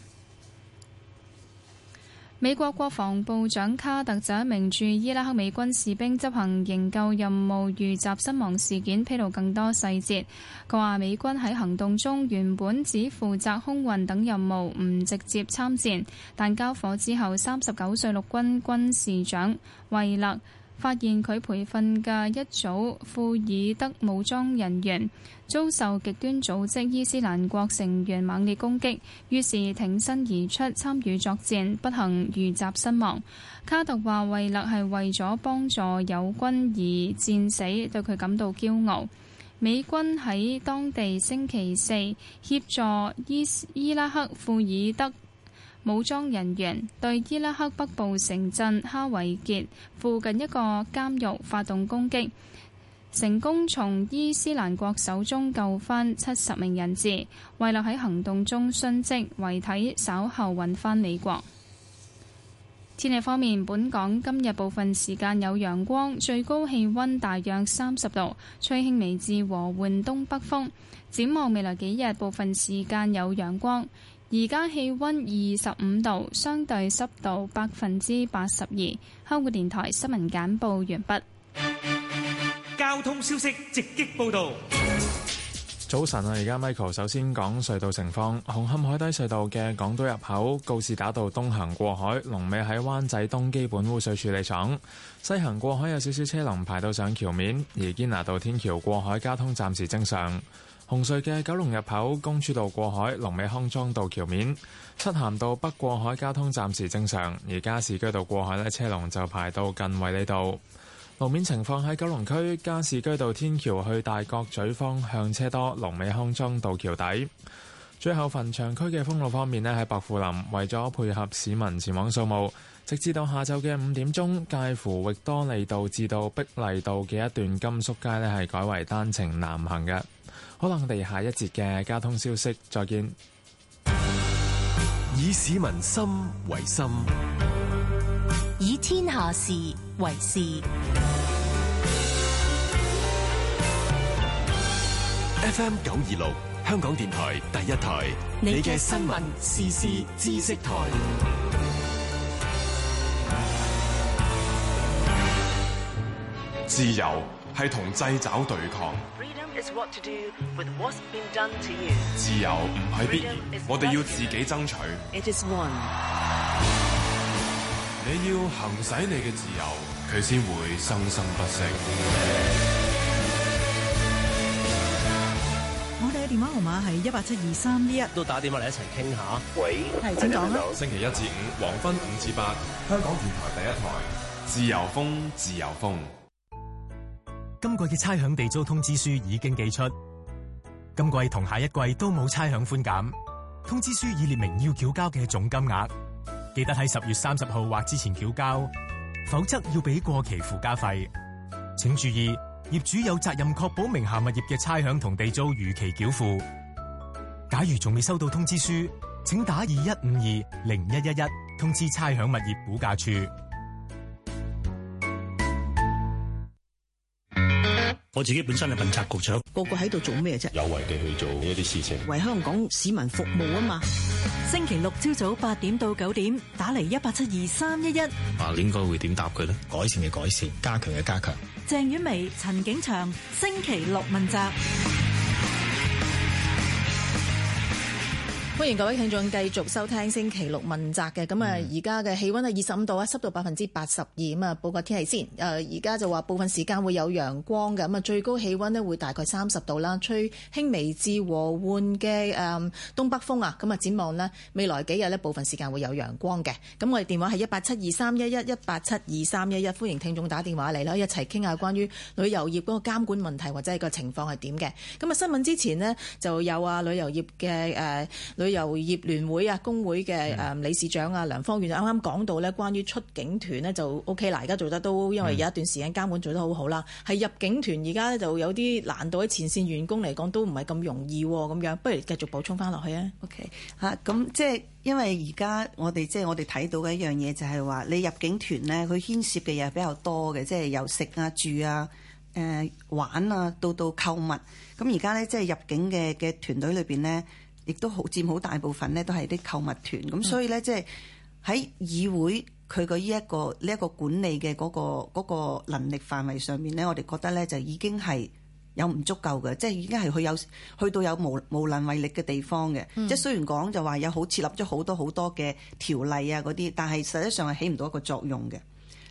美國國防部長卡特就一名駐伊拉克美軍士兵執行營救任務遇襲身亡事件披露更多細節。佢話：美軍喺行動中原本只負責空運等任務，唔直接參戰。但交火之後，三十九歲陸軍軍士長惠勒，發現佢培訓嘅一組庫爾德武裝人員遭受極端組織伊斯蘭國成員猛烈攻擊，於是挺身而出參與作戰，不幸遇襲身亡。卡特話：維勒係為咗幫助友軍而戰死，對佢感到驕傲。美軍喺當地星期四協助伊伊拉克庫爾德。武裝人員對伊拉克北部城鎮哈維傑附近一個監獄發動攻擊，成功從伊斯蘭國手中救返七十名人質，為立喺行動中殉職，遺體稍後運返美國。天氣方面，本港今日部分時間有陽光，最高氣温大約三十度，吹輕微至和緩東北風。展望未來幾日，部分時間有陽光。而家氣温二十五度，相對濕度百分之八十二。香港電台新聞簡報完畢。交通消息直
擊報道。
早晨啊，而家 Michael 首先講隧道情況。紅磡海底隧道嘅港島入口告士打道東行過海，龍尾喺灣仔東基本污水處理廠。西行過海有少少車龍排到上橋面，而堅拿道天橋過海交通暫時正常。紅隧嘅九龍入口，公主道過海，龍尾康莊道橋面。漆咸道北過海交通暫時正常，而加士居道過海呢，車龍就排到近位呢度。路面情況喺九龍區加士居道天橋去大角咀方向車多，龍尾康莊道橋底。最後墳場區嘅封路方面呢，喺薄扶林，為咗配合市民前往掃墓，直至到下晝嘅五點鐘，介乎域多利道至到碧麗道嘅一段金粟街呢係改為單程南行嘅。好啦，我哋下一節嘅交通消息，再見。以市民心為心，
以天下事為事。
F. M. 九二六，香港電台第一台，你嘅新聞時事知識台。自由係同制找對抗。
It's what to do with what's been done to you.
自由唔係必然，Rhythm 我哋要自己爭取。It is one. 你要行使你嘅自由，佢先會生生不息。
我哋嘅電話號碼係一八七二三一，
都打電話嚟一齊傾下。喂，係點講啊？星期一至五黃昏五至八，香港電台第一台，
自由風，自由風。今季嘅差餉地租通知書已經寄出，今季同下一季都冇差餉寬減。通知書已列明要繳交嘅總金額，記得喺十月三十號或之前繳交，否則要俾過期附加費。請注意，業主有責任確保名下物業嘅差餉同地租如期繳付。假如仲未收到通知書，請打二一五二零一一一通知差餉物業估價處。我自己本身係問責局長，個個喺度做咩啫？有為地去做一啲事情，
為香港市民服務啊嘛！ 星期六朝早八點到九點，打嚟一八七二三一
一。啊，應該會點答佢咧？改善嘅改善，加強嘅加強。
鄭婉薇、陳景祥，星期六問責。歡迎各位聽眾繼續收聽星期六問責嘅咁啊！而家嘅氣温係二十五度啊，濕度百分之八十二咁啊，報個天氣先。誒，而家就話部分時間會有陽光嘅，咁啊，最高氣温呢會大概三十度啦，吹輕微至和緩嘅誒東北風啊。咁啊，展望呢未來幾日呢，部分時間會有陽光嘅。咁我哋電話係一八七二三一一，一八七二三一一，歡迎聽眾打電話嚟啦，一齊傾下關於旅遊業嗰個監管問題或者係個情況係點嘅。咁啊，新聞之前呢，就有啊旅遊業嘅誒。呃佢由業聯會啊工會嘅誒理事長啊梁芳遠就啱啱講到咧，關於出境團咧就 O K 嗱，而家做得都因為有一段時間監管做得好好啦，係的入境團而家咧就有啲難度，喺前線員工嚟講都唔係咁容易咁樣，不如繼續補充翻落去、okay. 啊。O K 吓，
咁即係因為而家我哋即係我哋睇到嘅一樣嘢就係話，你入境團咧，佢牽涉嘅嘢比較多嘅，即係由食啊住啊誒、呃、玩啊，到到購物。咁而家咧即係入境嘅嘅團隊裏邊咧。亦都好佔好大部分咧，都係啲購物團，咁所以咧，即係喺議會佢個呢一個呢一個管理嘅嗰個嗰個能力範圍上面咧，我哋覺得咧就已經係有唔足夠嘅，即係已經係去有去到有無無能為力嘅地方嘅。即係雖然講就話有好設立咗好多好多嘅條例啊嗰啲，但係實質上係起唔到一個作用嘅。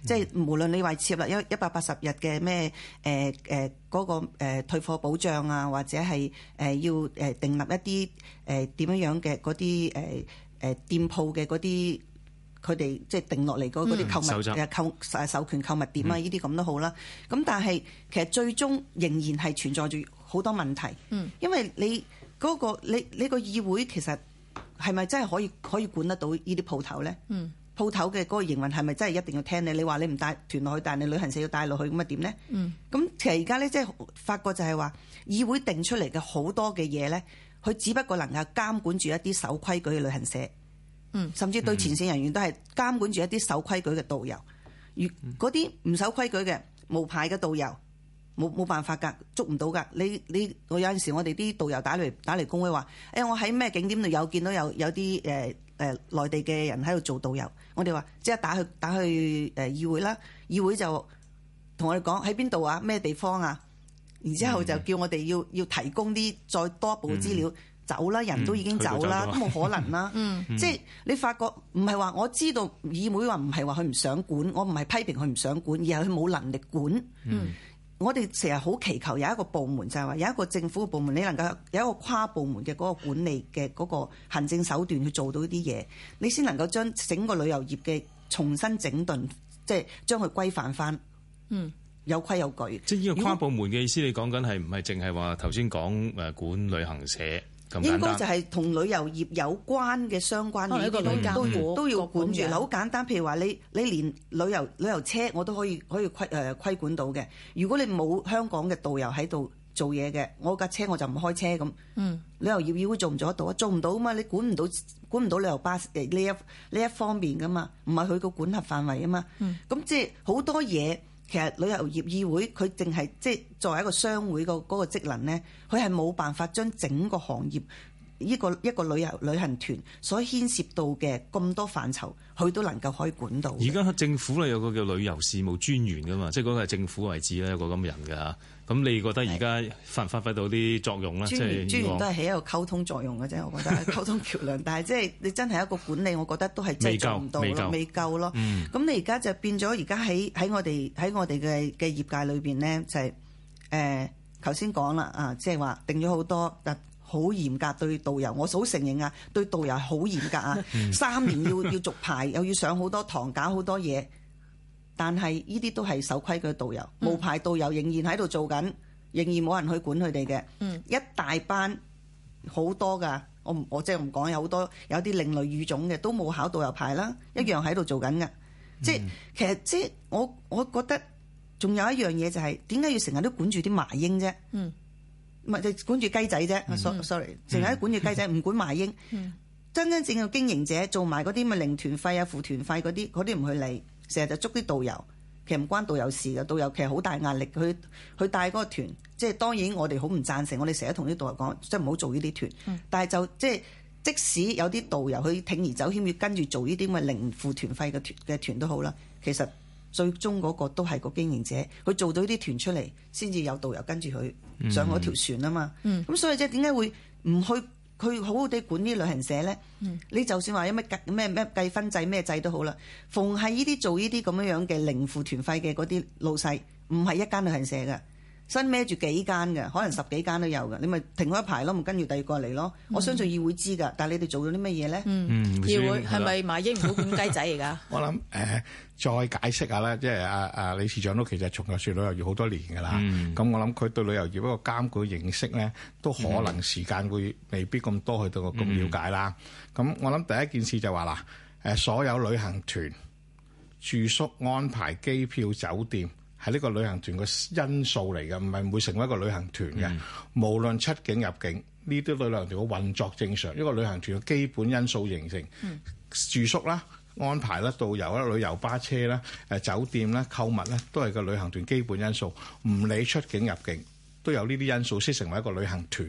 即係無論你話設立一一百八十日嘅咩誒誒嗰個退貨保障啊，或者係誒要誒訂立一啲誒點樣樣嘅嗰啲誒誒店鋪嘅嗰啲佢哋即係定落嚟嗰啲購物嘅購誒授權購物店啊，呢啲咁都好啦。咁但係其實最終仍然係存在住好多問題。嗯，因為你嗰、嗰個你你個議會其實係咪真係可以可以管得到呢啲店呢啲鋪頭咧？嗯。鋪頭嘅嗰個營運係咪真係一定要聽你？你話你唔帶團落去，但係你旅行社要帶落去咁啊點咧？咁、嗯、其實而家咧即係發覺就係話議會定出嚟嘅好多嘅嘢咧，佢只不過能夠監管住一啲守規矩嘅旅行社，嗯、甚至對前線人員都係監管住一啲守規矩嘅導遊。如嗰啲唔守規矩嘅無牌嘅導遊，冇冇辦法㗎，捉唔到㗎。你你我有陣時我哋啲導遊打嚟打嚟工會話，誒、欸、我喺咩景點度有見到有有啲誒。呃誒、呃、內地嘅人喺度做導遊，我哋話即係打去打去、呃、議會啦，議會就同我哋講喺邊度啊，咩地方啊，然之後就叫我哋要要提供啲再多一步資料、嗯、走啦，人都已經走啦，嗯、都冇可能啦，嗯，即、嗯、係你發覺唔係話我知道議會話唔係話佢唔想管，我唔係批評佢唔想管，而係佢冇能力管，嗯。我哋成日好祈求有一個部門，就係話有一個政府嘅部門，你能夠有一個跨部門嘅嗰個管理嘅嗰個行政手段去做到呢啲嘢，你先能夠將整個旅遊業嘅重新整頓，即係將佢規範翻，嗯，有規有矩。即係呢個跨部
門嘅意思，為你講緊，係唔係淨係話頭先講誒管旅行社？應該就係
同旅遊業有關嘅相關業務都都要管住，好、嗯嗯、簡單。譬如話你你連旅遊旅遊車，我都可以可以規、誒規管到嘅。如果你冇香港嘅導遊喺度做嘢嘅，我架車我就唔開車咁。嗯，旅遊業議會做唔做得到啊？做唔到啊嘛？你管唔到管唔到旅遊巴士呢一呢一方面噶嘛？唔係佢個管轄範圍啊嘛。嗯，咁即係好多嘢。其實，旅遊業議會佢淨係即係作為一個商會嘅嗰個職能咧，佢係冇辦法將整個行業。依個一個旅遊旅行團所牽涉到嘅咁多範疇，佢都能夠可以管到。而
家政府咧有個叫旅遊事務專員嘅嘛，即係嗰個係政府位置咧一個咁嘅人嘅嚇。咁你覺得而家發唔發揮到啲作用咧的？專員專員都係
起一個溝通作用嘅啫，我覺得 溝通橋梁。但係即係你真係一個管理，我覺得都係真係做唔到咯，未夠，未，夠未夠咯。咁、嗯、你而家就變咗，而家喺喺我哋喺我哋嘅嘅業界裏邊咧，就係誒頭先講啦啊，即係話定咗好多好嚴格對導遊，我好承認啊！對導遊好嚴格啊， 三年要要續牌，又要上好多堂，搞好多嘢。但係呢啲都係守規矩導遊，嗯、無牌導遊仍然喺度做緊，仍然冇人去管佢哋嘅。嗯、一大班好多㗎，我我即係唔講有好多有啲另類語種嘅都冇考導遊牌啦，一樣喺度做緊㗎、嗯。即係其實即係我我覺得仲有一樣嘢就係點解要成日都管住啲麻鷹啫？嗯。唔係就管住雞仔啫、mm hmm.，sorry，淨係管住雞仔，唔管埋英，真、mm hmm. 真正嘅經營者做埋嗰啲咪零團費啊、付團費嗰啲，嗰啲唔去理。成日就捉啲導遊，其實唔關導遊事嘅，導遊其實好大壓力。佢帶嗰個團，即係當然我哋好唔贊成，我哋成日同啲導遊講，即係唔好做呢啲團。Mm hmm. 但係就即係即使有啲導遊去鋌而走險要跟住做呢啲咁嘅零付團費嘅團嘅團都好啦，其實。最終嗰個都係個經營者，佢做到呢啲團出嚟，先至有導遊跟住佢上嗰條船啊嘛。咁、mm hmm. 所以即係點解會唔去佢好好地管啲旅行社咧？Mm hmm. 你就算話有咩咩計分制咩制都好啦，逢係呢啲做呢啲咁樣嘅零負團費嘅嗰啲老細，唔係一間旅行社嘅。新孭住幾間嘅，可能十幾間都有嘅，你咪停開一排咯，咪跟住第二個嚟咯。嗯、我相信議會知㗎，但係你哋做咗啲乜嘢
咧？嗯、議會係咪買英語變 雞仔嚟㗎？
我諗、呃、再解釋下啦，即係阿阿李市長都其實從來做旅遊業好多年㗎啦。咁、嗯、我諗佢對旅遊業嗰個監管認識咧，都可能時間會未必咁多去到咁了解啦。咁、嗯、我諗第一件事就話、是、嗱，所有旅行團住宿、安排、機票、酒店。係呢個旅行團嘅因素嚟嘅，唔係會成為一個旅行團嘅。嗯、無論出境入境，呢啲旅行團嘅運作正常，一個旅行團嘅基本因素形成、嗯、住宿啦、安排啦、導遊啦、旅遊巴車啦、誒、酒店啦、購物咧，都係個旅行團基本因素。唔理出境入境都有呢啲因素先成為一個旅行團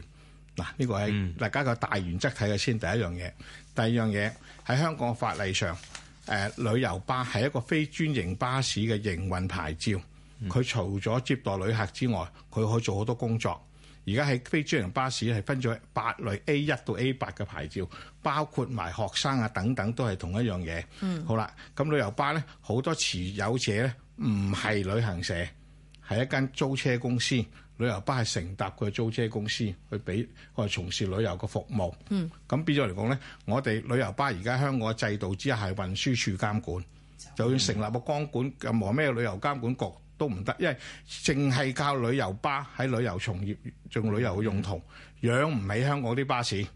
嗱。呢個係大家個大原則睇嘅先。第一樣嘢，第二樣嘢喺香港法例上，誒，旅遊巴係一個非專營巴士嘅營運牌照。佢除咗接待旅客之外，佢可以做好多工作。而家喺非專營巴士係分咗八類 A 一到 A 八嘅牌照，包括埋學生啊等等都係同一樣嘢。嗯，好啦，咁旅遊巴咧好多持有者咧唔係旅行社，係一間租車公司。旅遊巴係承搭佢租車公司去俾佢從事旅遊嘅服務。嗯，咁變咗嚟講咧，我哋旅遊巴而家香港嘅制度之下係運輸署監管，就要成立個光管，任何咩旅遊監管局。都唔得，因為淨係靠旅遊巴喺旅遊從業做旅遊嘅用途，養唔起香港啲巴士。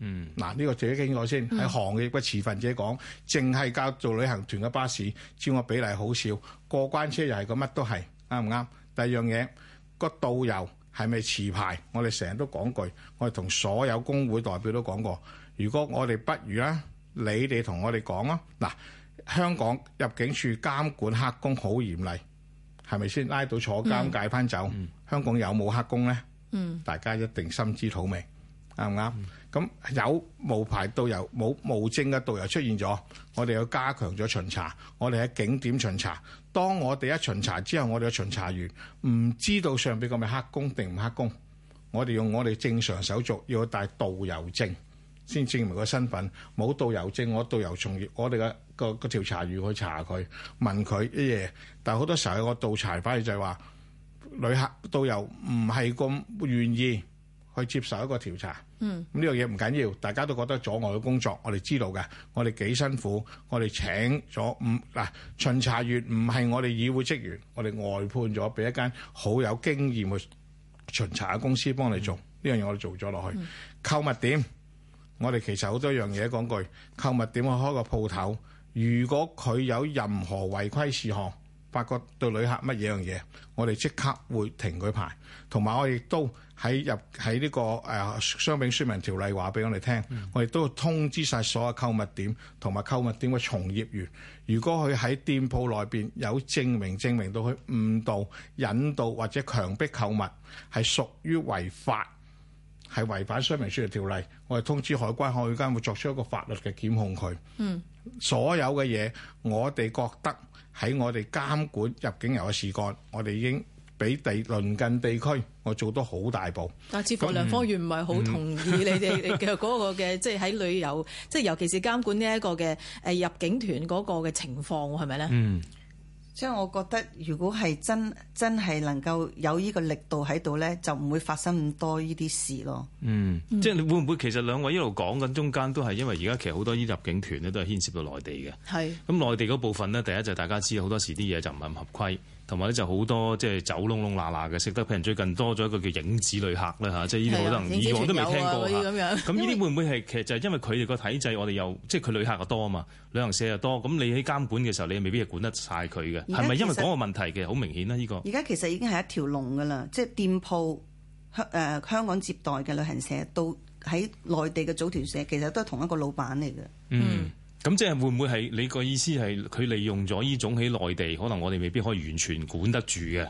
嗯，嗱呢個自己經過先喺行業嘅持份者講，淨係靠做旅行團嘅巴士，佔個比例好少。過關車又係個，乜都係啱唔啱？第二樣嘢個導遊係咪持牌？我哋成日都講句，我哋同所有工會代表都講過，如果我哋不如啊，你哋同我哋講啊。嗱，香港入境處監管黑工好嚴厲。係咪先拉到坐監，解翻走？嗯、香港有冇黑工呢？嗯、大家一定心知肚明，啱唔啱？咁、嗯、有冇牌導遊？冇無，無證嘅導遊出現咗，我哋又加強咗巡查。我哋喺景點巡查，當我哋一巡查之後，我哋嘅巡查員唔知道上邊個咪黑工定唔黑工，我哋用我哋正常手續要帶導遊證，先證明個身份，冇導遊證，我導遊從業，我哋嘅個個調查員去查佢問佢一嘢。但係好多時候，我導查反而就係話旅客導遊唔係咁願意去接受一個調查。嗯，呢樣嘢唔緊要，大家都覺得阻礙嘅工作。我哋知道嘅，我哋幾辛苦，我哋請咗五嗱巡查員，唔係我哋議會職員，我哋外判咗俾一間好有經驗嘅巡查嘅公司幫你做呢、嗯、樣嘢，我哋做咗落去購物點。我哋其實好多樣嘢講句，購物點去開個鋪頭，如果佢有任何違規事項，發覺對旅客乜嘢樣嘢，我哋即刻會停佢牌，同埋我亦都喺入喺呢、呢個、呃、商品說明條例話俾我哋聽，我哋都通知晒所有購物點同埋購物點嘅從業員，如果佢喺店鋪內邊有證明證明到佢誤導、引導或者強迫購物，係屬於違法。係違反商品說明嘅條例，我哋通知海關、海關會作出一個法律嘅檢控佢。嗯，所有嘅嘢，我哋覺得喺我哋監管入境遊嘅事幹，我哋已經俾地鄰近地區，我做得好大步。但似乎梁芳遠唔係好同意你哋嘅
嗰個嘅，即係喺旅遊，即 係尤其是監管呢一個嘅入境團嗰個嘅情況，係咪咧？嗯。即
係我覺得，如果係真真係能夠有呢個力度喺度呢，就唔會發生咁多呢啲事咯。嗯，
即係你會唔會其實兩位一路講緊中間都係因為而家其實好多呢入境團呢，都係牽涉到內地嘅。係咁是內地嗰部分呢，第一就是大家知好多時啲嘢就唔係咁合規。同埋咧就好多即係走窿窿嗱嗱嘅，識得譬如最近多咗一個叫影子旅客啦嚇，即係呢啲可能以往都未聽過嚇。咁呢啲會唔會係其實就係因為佢哋個體制，我哋又即係佢旅客又多啊嘛，旅行社又多，咁你喺監管嘅時候，你未必係管得晒佢嘅。係咪因為嗰個問題嘅，好明顯啦，啊，呢、呢個而
家其實已經係一條龍㗎啦，即係店鋪香、呃、香港接待嘅旅行社到喺內地嘅組團社，其實都係同一個老闆嚟嘅。
嗯。咁即係會唔會係你個意思係佢利用咗呢種喺內地，可能我哋未必可以完全管得住嘅，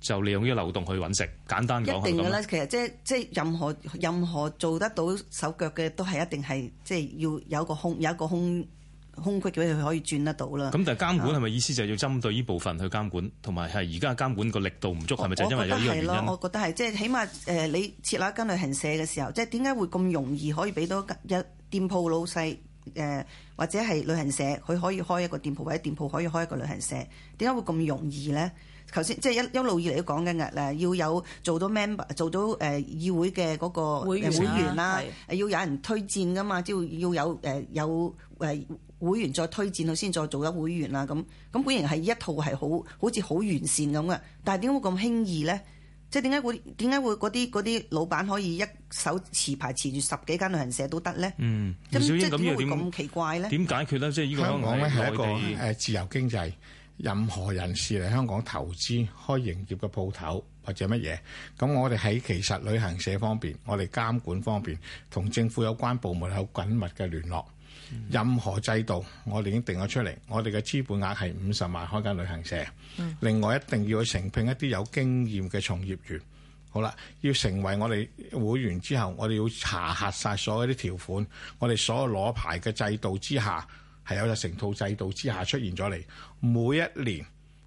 就利用呢啲流動去揾食。簡單講，定嘅咧。其實即
係即係任何任何做得到手腳嘅，都係一定係即係要有一個空有一個空空隙，俾佢可以轉得到啦。咁但係監管係
咪意思就要針對呢部分去監管，同埋係而家監管個力度唔足，係咪我就因為有呢個原因。係咯，我
覺得係即係起碼誒、呃，你設立一間旅行社嘅時候，即係點解會咁容易可以俾到一店鋪老細？誒或者係旅行社，佢可以開一個店鋪，或者店鋪可以開一個旅行社。點解會咁容易咧？頭先即係一一路以嚟都講緊誒，要有做到 member，做到誒議會嘅嗰個會員啦，要有人推薦噶嘛，即是要有誒有誒會員再推薦，佢先再做咗會員啦。咁咁本嚟係一套係好好似好完善咁嘅，但係點會咁輕易咧？即係點解會點解會嗰啲嗰啲老闆可以一手持牌持住十幾間旅行社都得咧？嗯，
吳即小英點解會咁奇
怪
咧？點
解決咧？即係、呢個、香港咧係一個誒自由經濟，的任何人士嚟香港投資開營業嘅鋪頭或者乜嘢咁，那我哋喺其實旅行社方面，我哋監管方面同政府有關部門有緊密嘅聯絡。任何制度，我哋已經定咗出嚟。我哋嘅資本額係五十萬開間旅行社，的另外一定要去承聘一啲有經驗嘅從業員。好啦，要成為我哋會員之後，我哋要查核晒所有啲條款，我哋所有攞牌嘅制度之下係有個成套制度之下出現咗嚟。每一年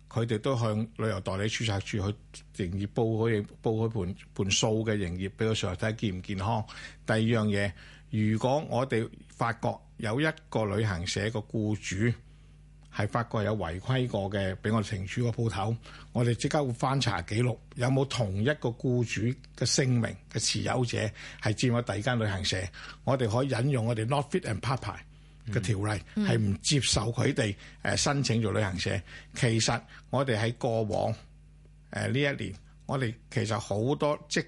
佢哋都向旅遊代理註冊處去營業報，可以報佢盤盤數嘅營業，俾我哋睇下健唔健康。第二樣嘢，如果我哋法國有一個旅行社個僱主係法國有違規過嘅，俾我停處個鋪頭。我哋即刻會翻查記錄，有冇同一個僱主嘅姓名嘅持有者係佔咗第二間旅行社。我哋可以引用我哋 Not Fit and Proper 牌嘅條例，係唔、嗯、接受佢哋誒申請做旅行社。其實我哋喺過往誒呢、呃、一年，我哋其實好多即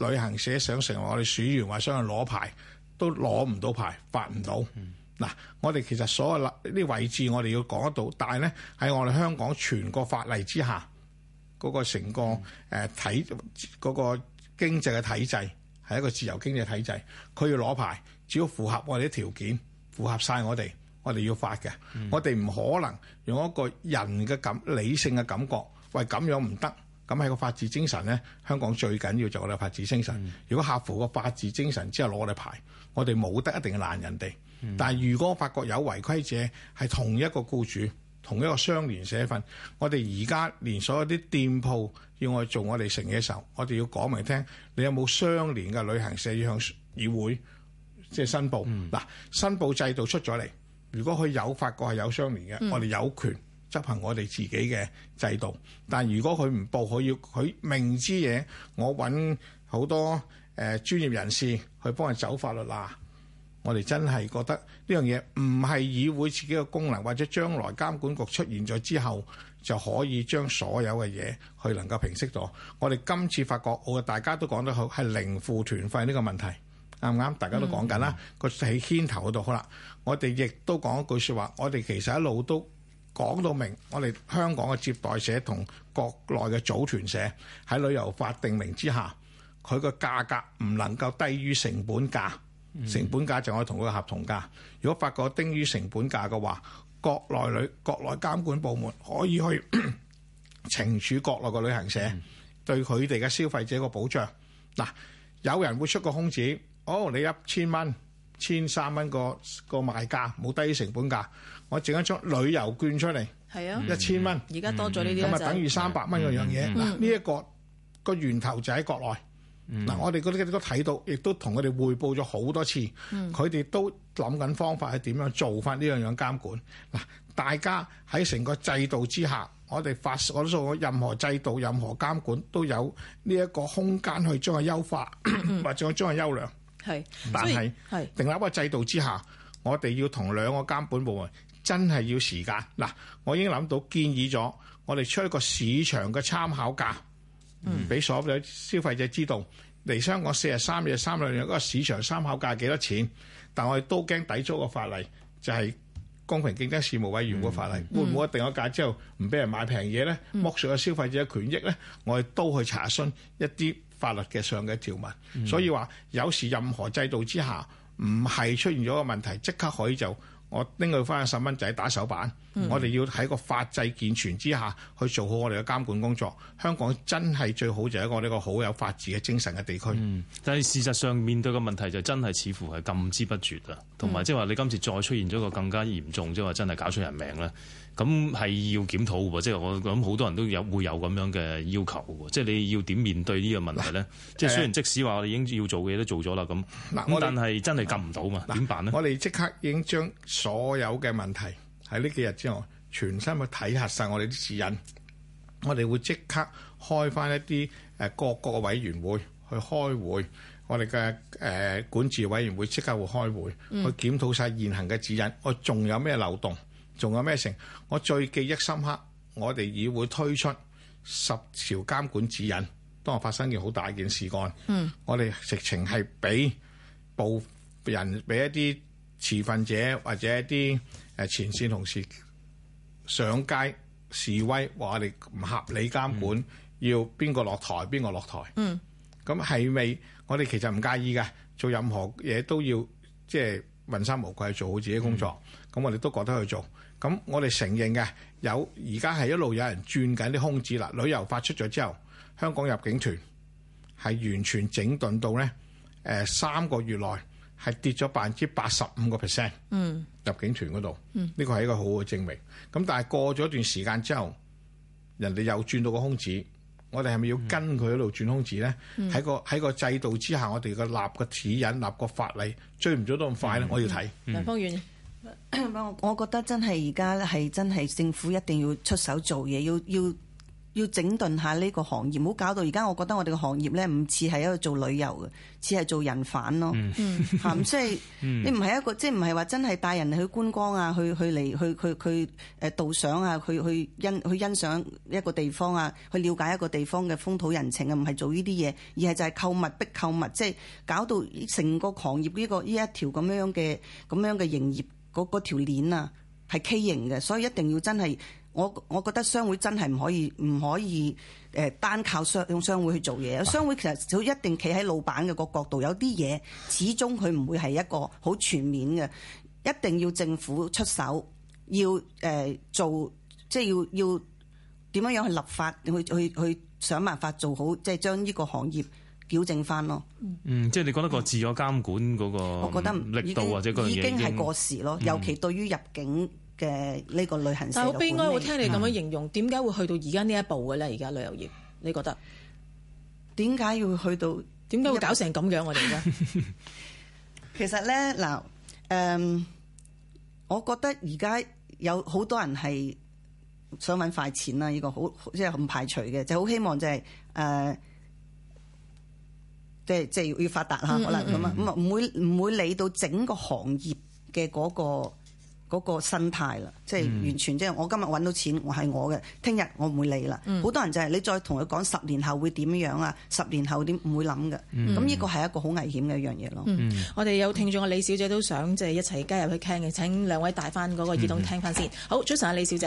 旅行社想成為我哋僑員，或想去攞牌。都攞唔到牌，發唔到。嗱，我哋其實所有呢啲位置，我哋要講得到，但係咧喺我哋香港全個法例之下，嗰、那個成個誒、嗯呃、體嗰、那個經濟嘅體制係一個自由經濟嘅體制，佢要攞牌，只要符合我哋啲條件，符合晒我哋，我哋要發嘅。嗯、我哋唔可能用一個人嘅感理性嘅感覺，喂，咁樣唔得，咁係個法治精神咧。香港最緊要就係我哋法治精神。嗯、如果合乎個法治精神之後攞我哋牌。我哋冇得一定嘅攔人哋，但如果發覺有違規者係同一個雇主、同一個相聯社份，我哋而家連所有啲店鋪要我做我哋成嘢時候，我哋要講明聽，你有冇相聯嘅旅行社要向議會即係、就是、申報？嗱，嗯、申報制度出咗嚟，如果佢有發覺係有相聯嘅，我哋有權執行我哋自己嘅制度。但如果佢唔報，佢要佢明知嘢，我揾好多。誒專業人士去幫佢走法律啦，我哋真係覺得呢樣嘢唔係議會自己嘅功能，或者將來監管局出現咗之後就可以將所有嘅嘢去能夠平息咗。我哋今次發覺，我哋大家都講得好係零負團費呢個問題啱唔啱？大家都講緊啦，個喺牽頭度好啦，我哋亦都講一句說話，我哋其實一路都講到明，我哋香港嘅接待社同國內嘅組團社喺旅遊法定名之下。佢個價格唔能夠低於成本價，嗯、成本價就可以同佢個合同價。如果發覺低於成本價嘅話，國內旅、國內監管部門可以去 懲處國內個旅行社、嗯、對佢哋嘅消費者個保障。嗱，有人會出個空子，哦，你一千蚊，千三蚊個個賣價冇低於成本價，我整一張旅遊券出嚟，係啊、
一千
蚊，而家多咗呢啲咁咪等於三百蚊嗰樣嘢。嗱、嗯，呢一、嗯呢個、呢個源頭就喺國內。嗱，嗯、我哋嗰啲都睇到，亦都同佢哋匯報咗好多次，佢哋、嗯、都諗緊方法係點樣做法呢樣樣監管。嗱，大家喺成個制度之下，我哋發所做任何制度、任何監管都有呢一個空間去將佢優化，嗯、或者將佢優良。是但係是定立一個制度之下，我哋要同兩個監管部門真係要時間。嗱，我已經諗到建議咗，我哋出一個市場嘅參考價。俾、嗯、所有消費者知道嚟香港四十三日、三兩日嗰個市場參考價幾多錢？但我哋都驚抵觸個法例，就係公平競爭事務委員會法例、嗯嗯、會唔會定個價之後唔俾人買平嘢咧，剝削咗消費者嘅權益咧？我哋都去查詢一啲法律嘅上嘅條文，所以話有時任何制度之下唔係出現咗個問題，即刻可以就我拎佢翻去十蚊仔打手板。我哋要喺個法制健全之下去做好我哋嘅監管工作。香港真係最好就係一個呢個好有法治嘅精神嘅地區。嗯，
但係事實上面對嘅問題就真係似乎係禁之不絕啊，同埋即係話你今次再出現咗個更加嚴重，即係話真係搞出人命啦，咁係要檢討喎，即係我諗好多人都有會有咁樣嘅要求喎，即係你要點面對呢個問題咧？即係喇雖然即
使話我哋已經要做嘅嘢都做咗啦，咁喇但係真係禁唔到喇嘛？點喇辦咧？我哋即刻已經將所有嘅問題。喺呢幾日之後，全身去睇核晒我哋啲指引。我哋會即刻開翻一啲誒各個委員會去開會。我哋嘅誒管治委員會即刻會開會去檢討晒現行嘅指引。我仲有咩漏洞？仲有咩成？我最記憶深刻，我哋議會推出十條監管指引。當我發生件好大件事幹，嗯、我哋直情係俾部人俾一啲持份者或者一啲。誒，前線同事上街示威，話我哋唔合理監管，要邊個落台邊個落台。台嗯，咁係咪我哋其實唔介意嘅？做任何嘢都要即係問心無愧，做好自己工作。咁、嗯、我哋都覺得去做。咁我哋承認嘅有，而家係一路有人轉緊啲空子啦。旅遊發出咗之後，香港入境團係完全整頓到咧。誒、呃，三個月內係跌咗百分之八十五個 percent。嗯。入境團嗰度，呢個係一個好嘅證明。咁但係過咗一段時間之後，人哋又轉到個空子，我哋係咪要跟佢喺度轉空子咧？喺個喺個制度之下，我哋個立個指引、立個法例，追唔追到咁快咧，我要睇。梁
芳
遠，我、嗯嗯、我覺得真係而家係真係政府一定要出手做嘢，要要。要整頓下呢個行業，唔好搞到而家。我覺得我哋個行業咧，唔似係一個做旅遊嘅，似係做人販咯嚇。咁即係你唔係一個，即係唔係話真係帶人去觀光啊，去去嚟去去去誒導賞啊，去去欣去，去，去欣賞一個地方啊，去了解一個地方嘅風土人情啊，唔係做呢啲嘢，而係就係購物逼購物，即係、就係、搞到成個行業呢、呢個呢一條咁樣嘅咁樣嘅營業嗰嗰條鏈啊，係畸形嘅，所以一定要真係。我我覺得商會真係唔可以唔可以誒單靠商用商會去做嘢，商會其實佢一定企喺老闆嘅個角度，有啲嘢始終佢唔會係一個好全面嘅，一定要政府出手，要誒、呃、做即係要要點樣樣去立法，去去去想辦法做好，即係將呢個行業矯正返咯。嗯，
即係你覺得個自我監管嗰個力度或者嗰已經係過時
咯，嗯、尤其對於入境嘅呢個旅行社，但係我不應該會聽你咁
樣形容，點解是會去到而家呢一步嘅咧？而家旅遊業，你覺得點解要去到？點解會搞成咁樣我呢？我哋咧，其實咧嗱，誒、嗯，
我覺得而家有好多人係想搵快錢啦，呢、這個好即係唔排除嘅，就好、是、希望就係、是、誒，即係即係要發達吓，嗯嗯可能咁啊，唔、嗯嗯、會唔會理到整個行業嘅嗰、那個。嗰個心態啦，即、就、係、是、完全即係我今日揾到錢，我係我嘅，聽日我唔會理啦。好、嗯、多人就係你再同佢講十年後會點樣啊，十年後點唔會諗嘅。咁呢、嗯、個
係一個好危險嘅一樣嘢咯。嗯、我哋有聽眾嘅李小姐都想即係一齊加入去聽嘅，請兩位帶翻嗰個耳筒聽翻先。好，早晨啊，李小姐。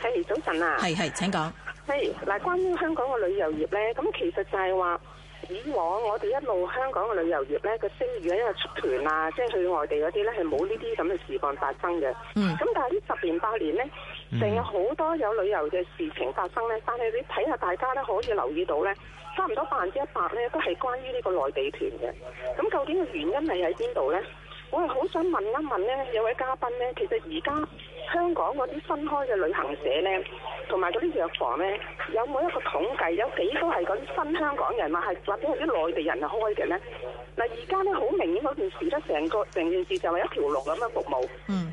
係，hey,
早晨啊。係係、
hey, hey，請講。係嗱，關
於香港嘅旅遊業咧，咁其實就係話。以往我哋一路香港嘅旅遊業呢，個聲譽咧，因為出團啊，即係去外地嗰啲呢，係冇呢啲咁嘅事況發生嘅。嗯。咁但係呢十年八年呢，成日好多有旅遊嘅事情發生呢。但係你睇下大家咧，可以留意到呢，差唔多百分之一百呢，都係關於呢個內地團嘅。咁究竟個原因係喺邊度呢？我係好想問一問呢，有位嘉賓呢，其實而家香港嗰啲新開嘅旅行社呢。同埋嗰啲藥房呢，有冇一個統計？有幾多係嗰啲新香港人啊，係或者係啲內地人啊開嘅呢？嗱，而家呢，好明顯嗰件事呢，成個成件事就係一條龍咁嘅服務。嗯。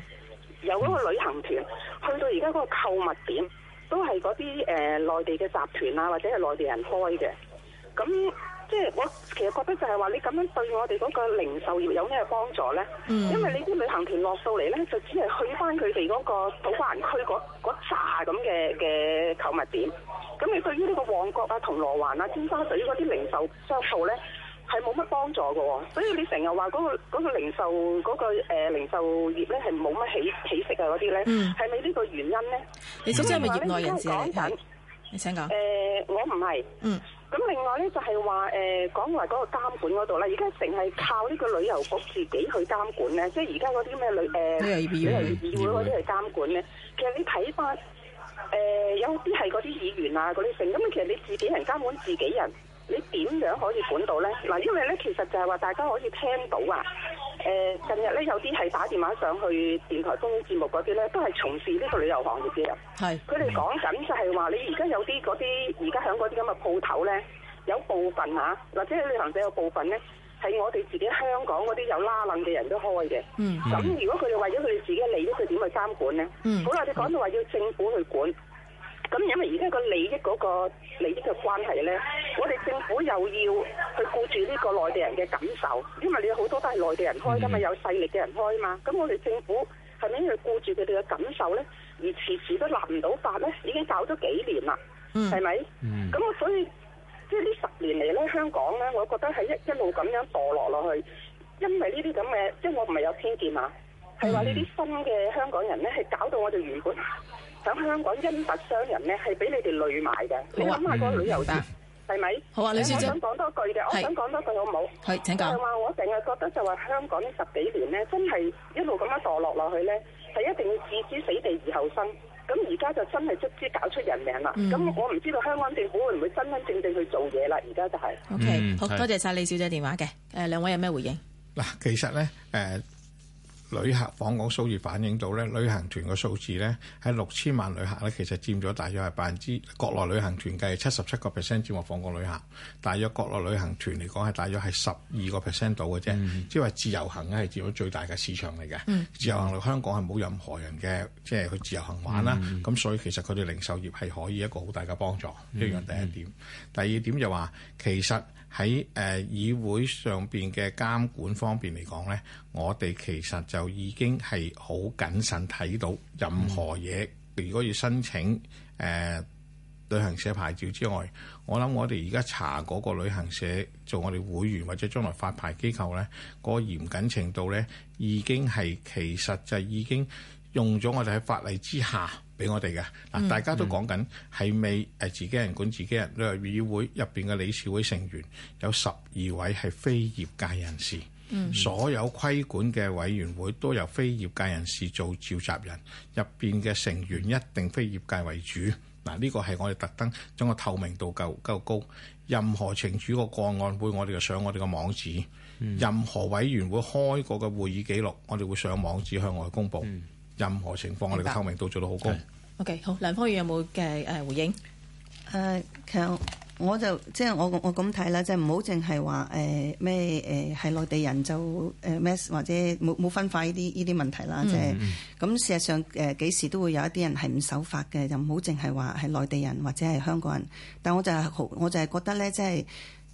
有嗰個旅行團去到而家嗰個購物點，都係嗰啲誒內地嘅集團啊，或者係內地人開嘅。咁。即係我其實覺得就係話你咁樣對我哋嗰個零售業有咩幫助咧？嗯、因為你啲旅行團落到嚟咧，就只係去翻佢哋嗰個土瓜灣區嗰扎咁嘅嘅購物店。咁你對於呢個旺角啊、銅鑼灣啊、尖沙咀嗰啲零售商鋪咧，係冇乜幫助嘅喎。所以你成日話嗰個零售嗰、嗰個、呃、零售業咧係冇乜起起色啊嗰啲咧，係咪呢個原因咧？你先生係咪業內人士嚟嘅？你
請講。誒、
呃，我唔係。嗯。咁另外咧，就係話誒，講埋嗰個監管嗰度啦，而家成日係靠呢個旅遊局自己去監管咧，即係而家嗰啲咩旅誒咩議會嗰啲去監管咧。AB V. 其實你睇翻誒有啲係嗰啲議員啊嗰啲成咁。其實你自己人監管自己人，你點樣可以管到咧？嗱，因為咧其實就係話大家可以聽到啊。誒、呃、近日咧有啲係打電話上去電台烽煙節目嗰啲咧，都係從事呢個旅遊行業嘅人。係是，佢哋講緊就係話，你而家有啲嗰啲而家香港嗰啲咁嘅鋪頭咧，有部分嚇、啊，或者旅行社部分咧，係我哋自己香港嗰啲有拉冷嘅人都開嘅。嗯，咁如果佢哋為咗佢哋自己嘅利益，佢點去監管咧？嗯，好啦，你講到話要政府去管。咁因為而家個利益嗰、那個利益嘅關係咧，我哋政府又要去顧住呢個內地人嘅感受，因為你好多都係內地人開㗎嘛，嗯、有勢力嘅人開嘛，咁我哋政府係咪因為顧住佢哋嘅感受咧，而遲遲都立唔到法咧，已經搞咗幾年啦，係咪，嗯？咁我、嗯、所以即係呢十年嚟咧，香港咧，我覺得係一一路咁樣墮落落去，因為呢啲咁嘅，即係我唔係有偏見啊，係話呢啲新嘅香港人咧，係搞到我哋原本。想香港殷實商人咧，係俾你哋累埋嘅。你諗下個旅遊業係咪？好啊，李小姐。是我想講多句嘅，我想講多句好唔好？係請講。說我成日覺得就話香港呢十幾年咧，真係一路咁樣墮落落去咧，係一定要置之死地而後生。咁而家就真係足之搞出人命啦。咁、嗯、我唔知道香港政府會唔會真真正正去做嘢啦？而家就係、是。
OK、嗯、好多是謝晒李小姐電話嘅。誒，兩位有咩回應？
嗱，其實咧，誒、呃。旅客訪港數字反映到咧，旅行團嘅數字咧喺六千萬旅客咧，其實佔咗大約係百分之國內旅行團計七十七個 percent，即係話訪港旅客大約國內旅行團嚟講係大約係十二個 percent 度嘅啫，即係話自由行咧係佔咗最大嘅市場嚟嘅。嗯、自由行嚟香港係冇任何人嘅，即係去自由行玩啦。咁、嗯、所以其實佢哋零售業係可以一個好大嘅幫助，一樣、嗯、第一點。第二點就話其實。喺誒議會上面嘅監管方面嚟講咧，我哋其實就已經係好謹慎睇到任何嘢。嗯、如果要申請、呃、旅行社牌照之外，我諗我哋而家查嗰個旅行社做我哋會員或者將來發牌機構咧，嗰、嗰個嚴謹程度咧，已經係其實就已經。用咗我哋喺法例之下俾我哋嘅嗱，大家都講緊係咪自己人管自己人。旅遊議會入面嘅理事會成員有十二位係非業界人士，嗯、所有規管嘅委員會都由非業界人士做召集人，入面嘅成員一定非業界為主嗱。呢、這個係我哋特登將個透明度夠夠高，任何懲處個個案會，我哋就上我哋個網址；嗯、任何委員會開過嘅會議記錄，我哋會上網址向外公佈。嗯嗯任何情況，白我哋嘅透明度做到
好高。是 OK，好，梁芳遠有冇嘅
誒回應？誒，uh, 其實我就即係、就是、我我咁睇啦，即係唔好淨係話誒咩誒係內地人就誒 mask、呃、或者冇冇分化呢啲呢啲問題啦。即係咁事實上誒幾、呃、時都會有一啲人係唔守法嘅，就唔好淨係話係內地人或者係香港人。但我就係、是、好，我就係覺得咧，即係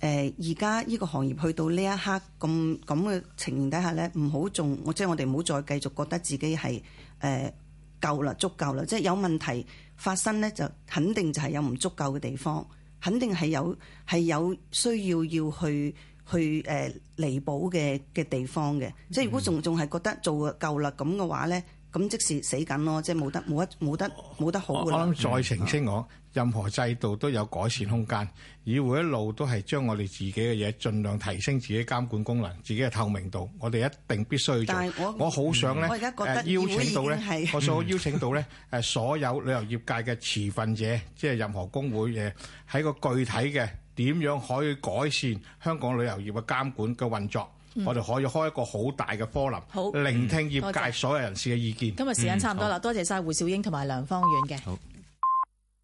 誒而家呢個行業去到呢一刻咁咁嘅情形底下咧，唔好仲、就是、我即係我哋唔好再繼續覺得自己係。誒夠啦，足夠啦，即係有問題發生咧，就肯定就係有唔足夠嘅地方，肯定係有係有需要要去去誒彌補嘅嘅地方嘅。即係、嗯、如果仲仲係覺得做夠啦咁嘅話咧。咁即是死緊咯，即係冇得冇一冇得冇得好噶啦。我想再澄
清我，任何制度都有改善空間。議會一路都係將我哋自己嘅嘢，儘量提升自己監管功能、自己嘅透明度。我哋一定必須要做。我好想咧，邀請到咧，我所邀請到咧，誒所有旅遊業界嘅持份者，即係任何工會誒，喺個具體嘅點樣可以改善香港旅遊業嘅監管嘅運作。 我哋可以開一個大、um，好大嘅 forum，聆聽業界所有人士嘅意見。嗯、今日時間差唔多啦，
嗯、多謝晒胡兆英同埋梁芳遠嘅。
好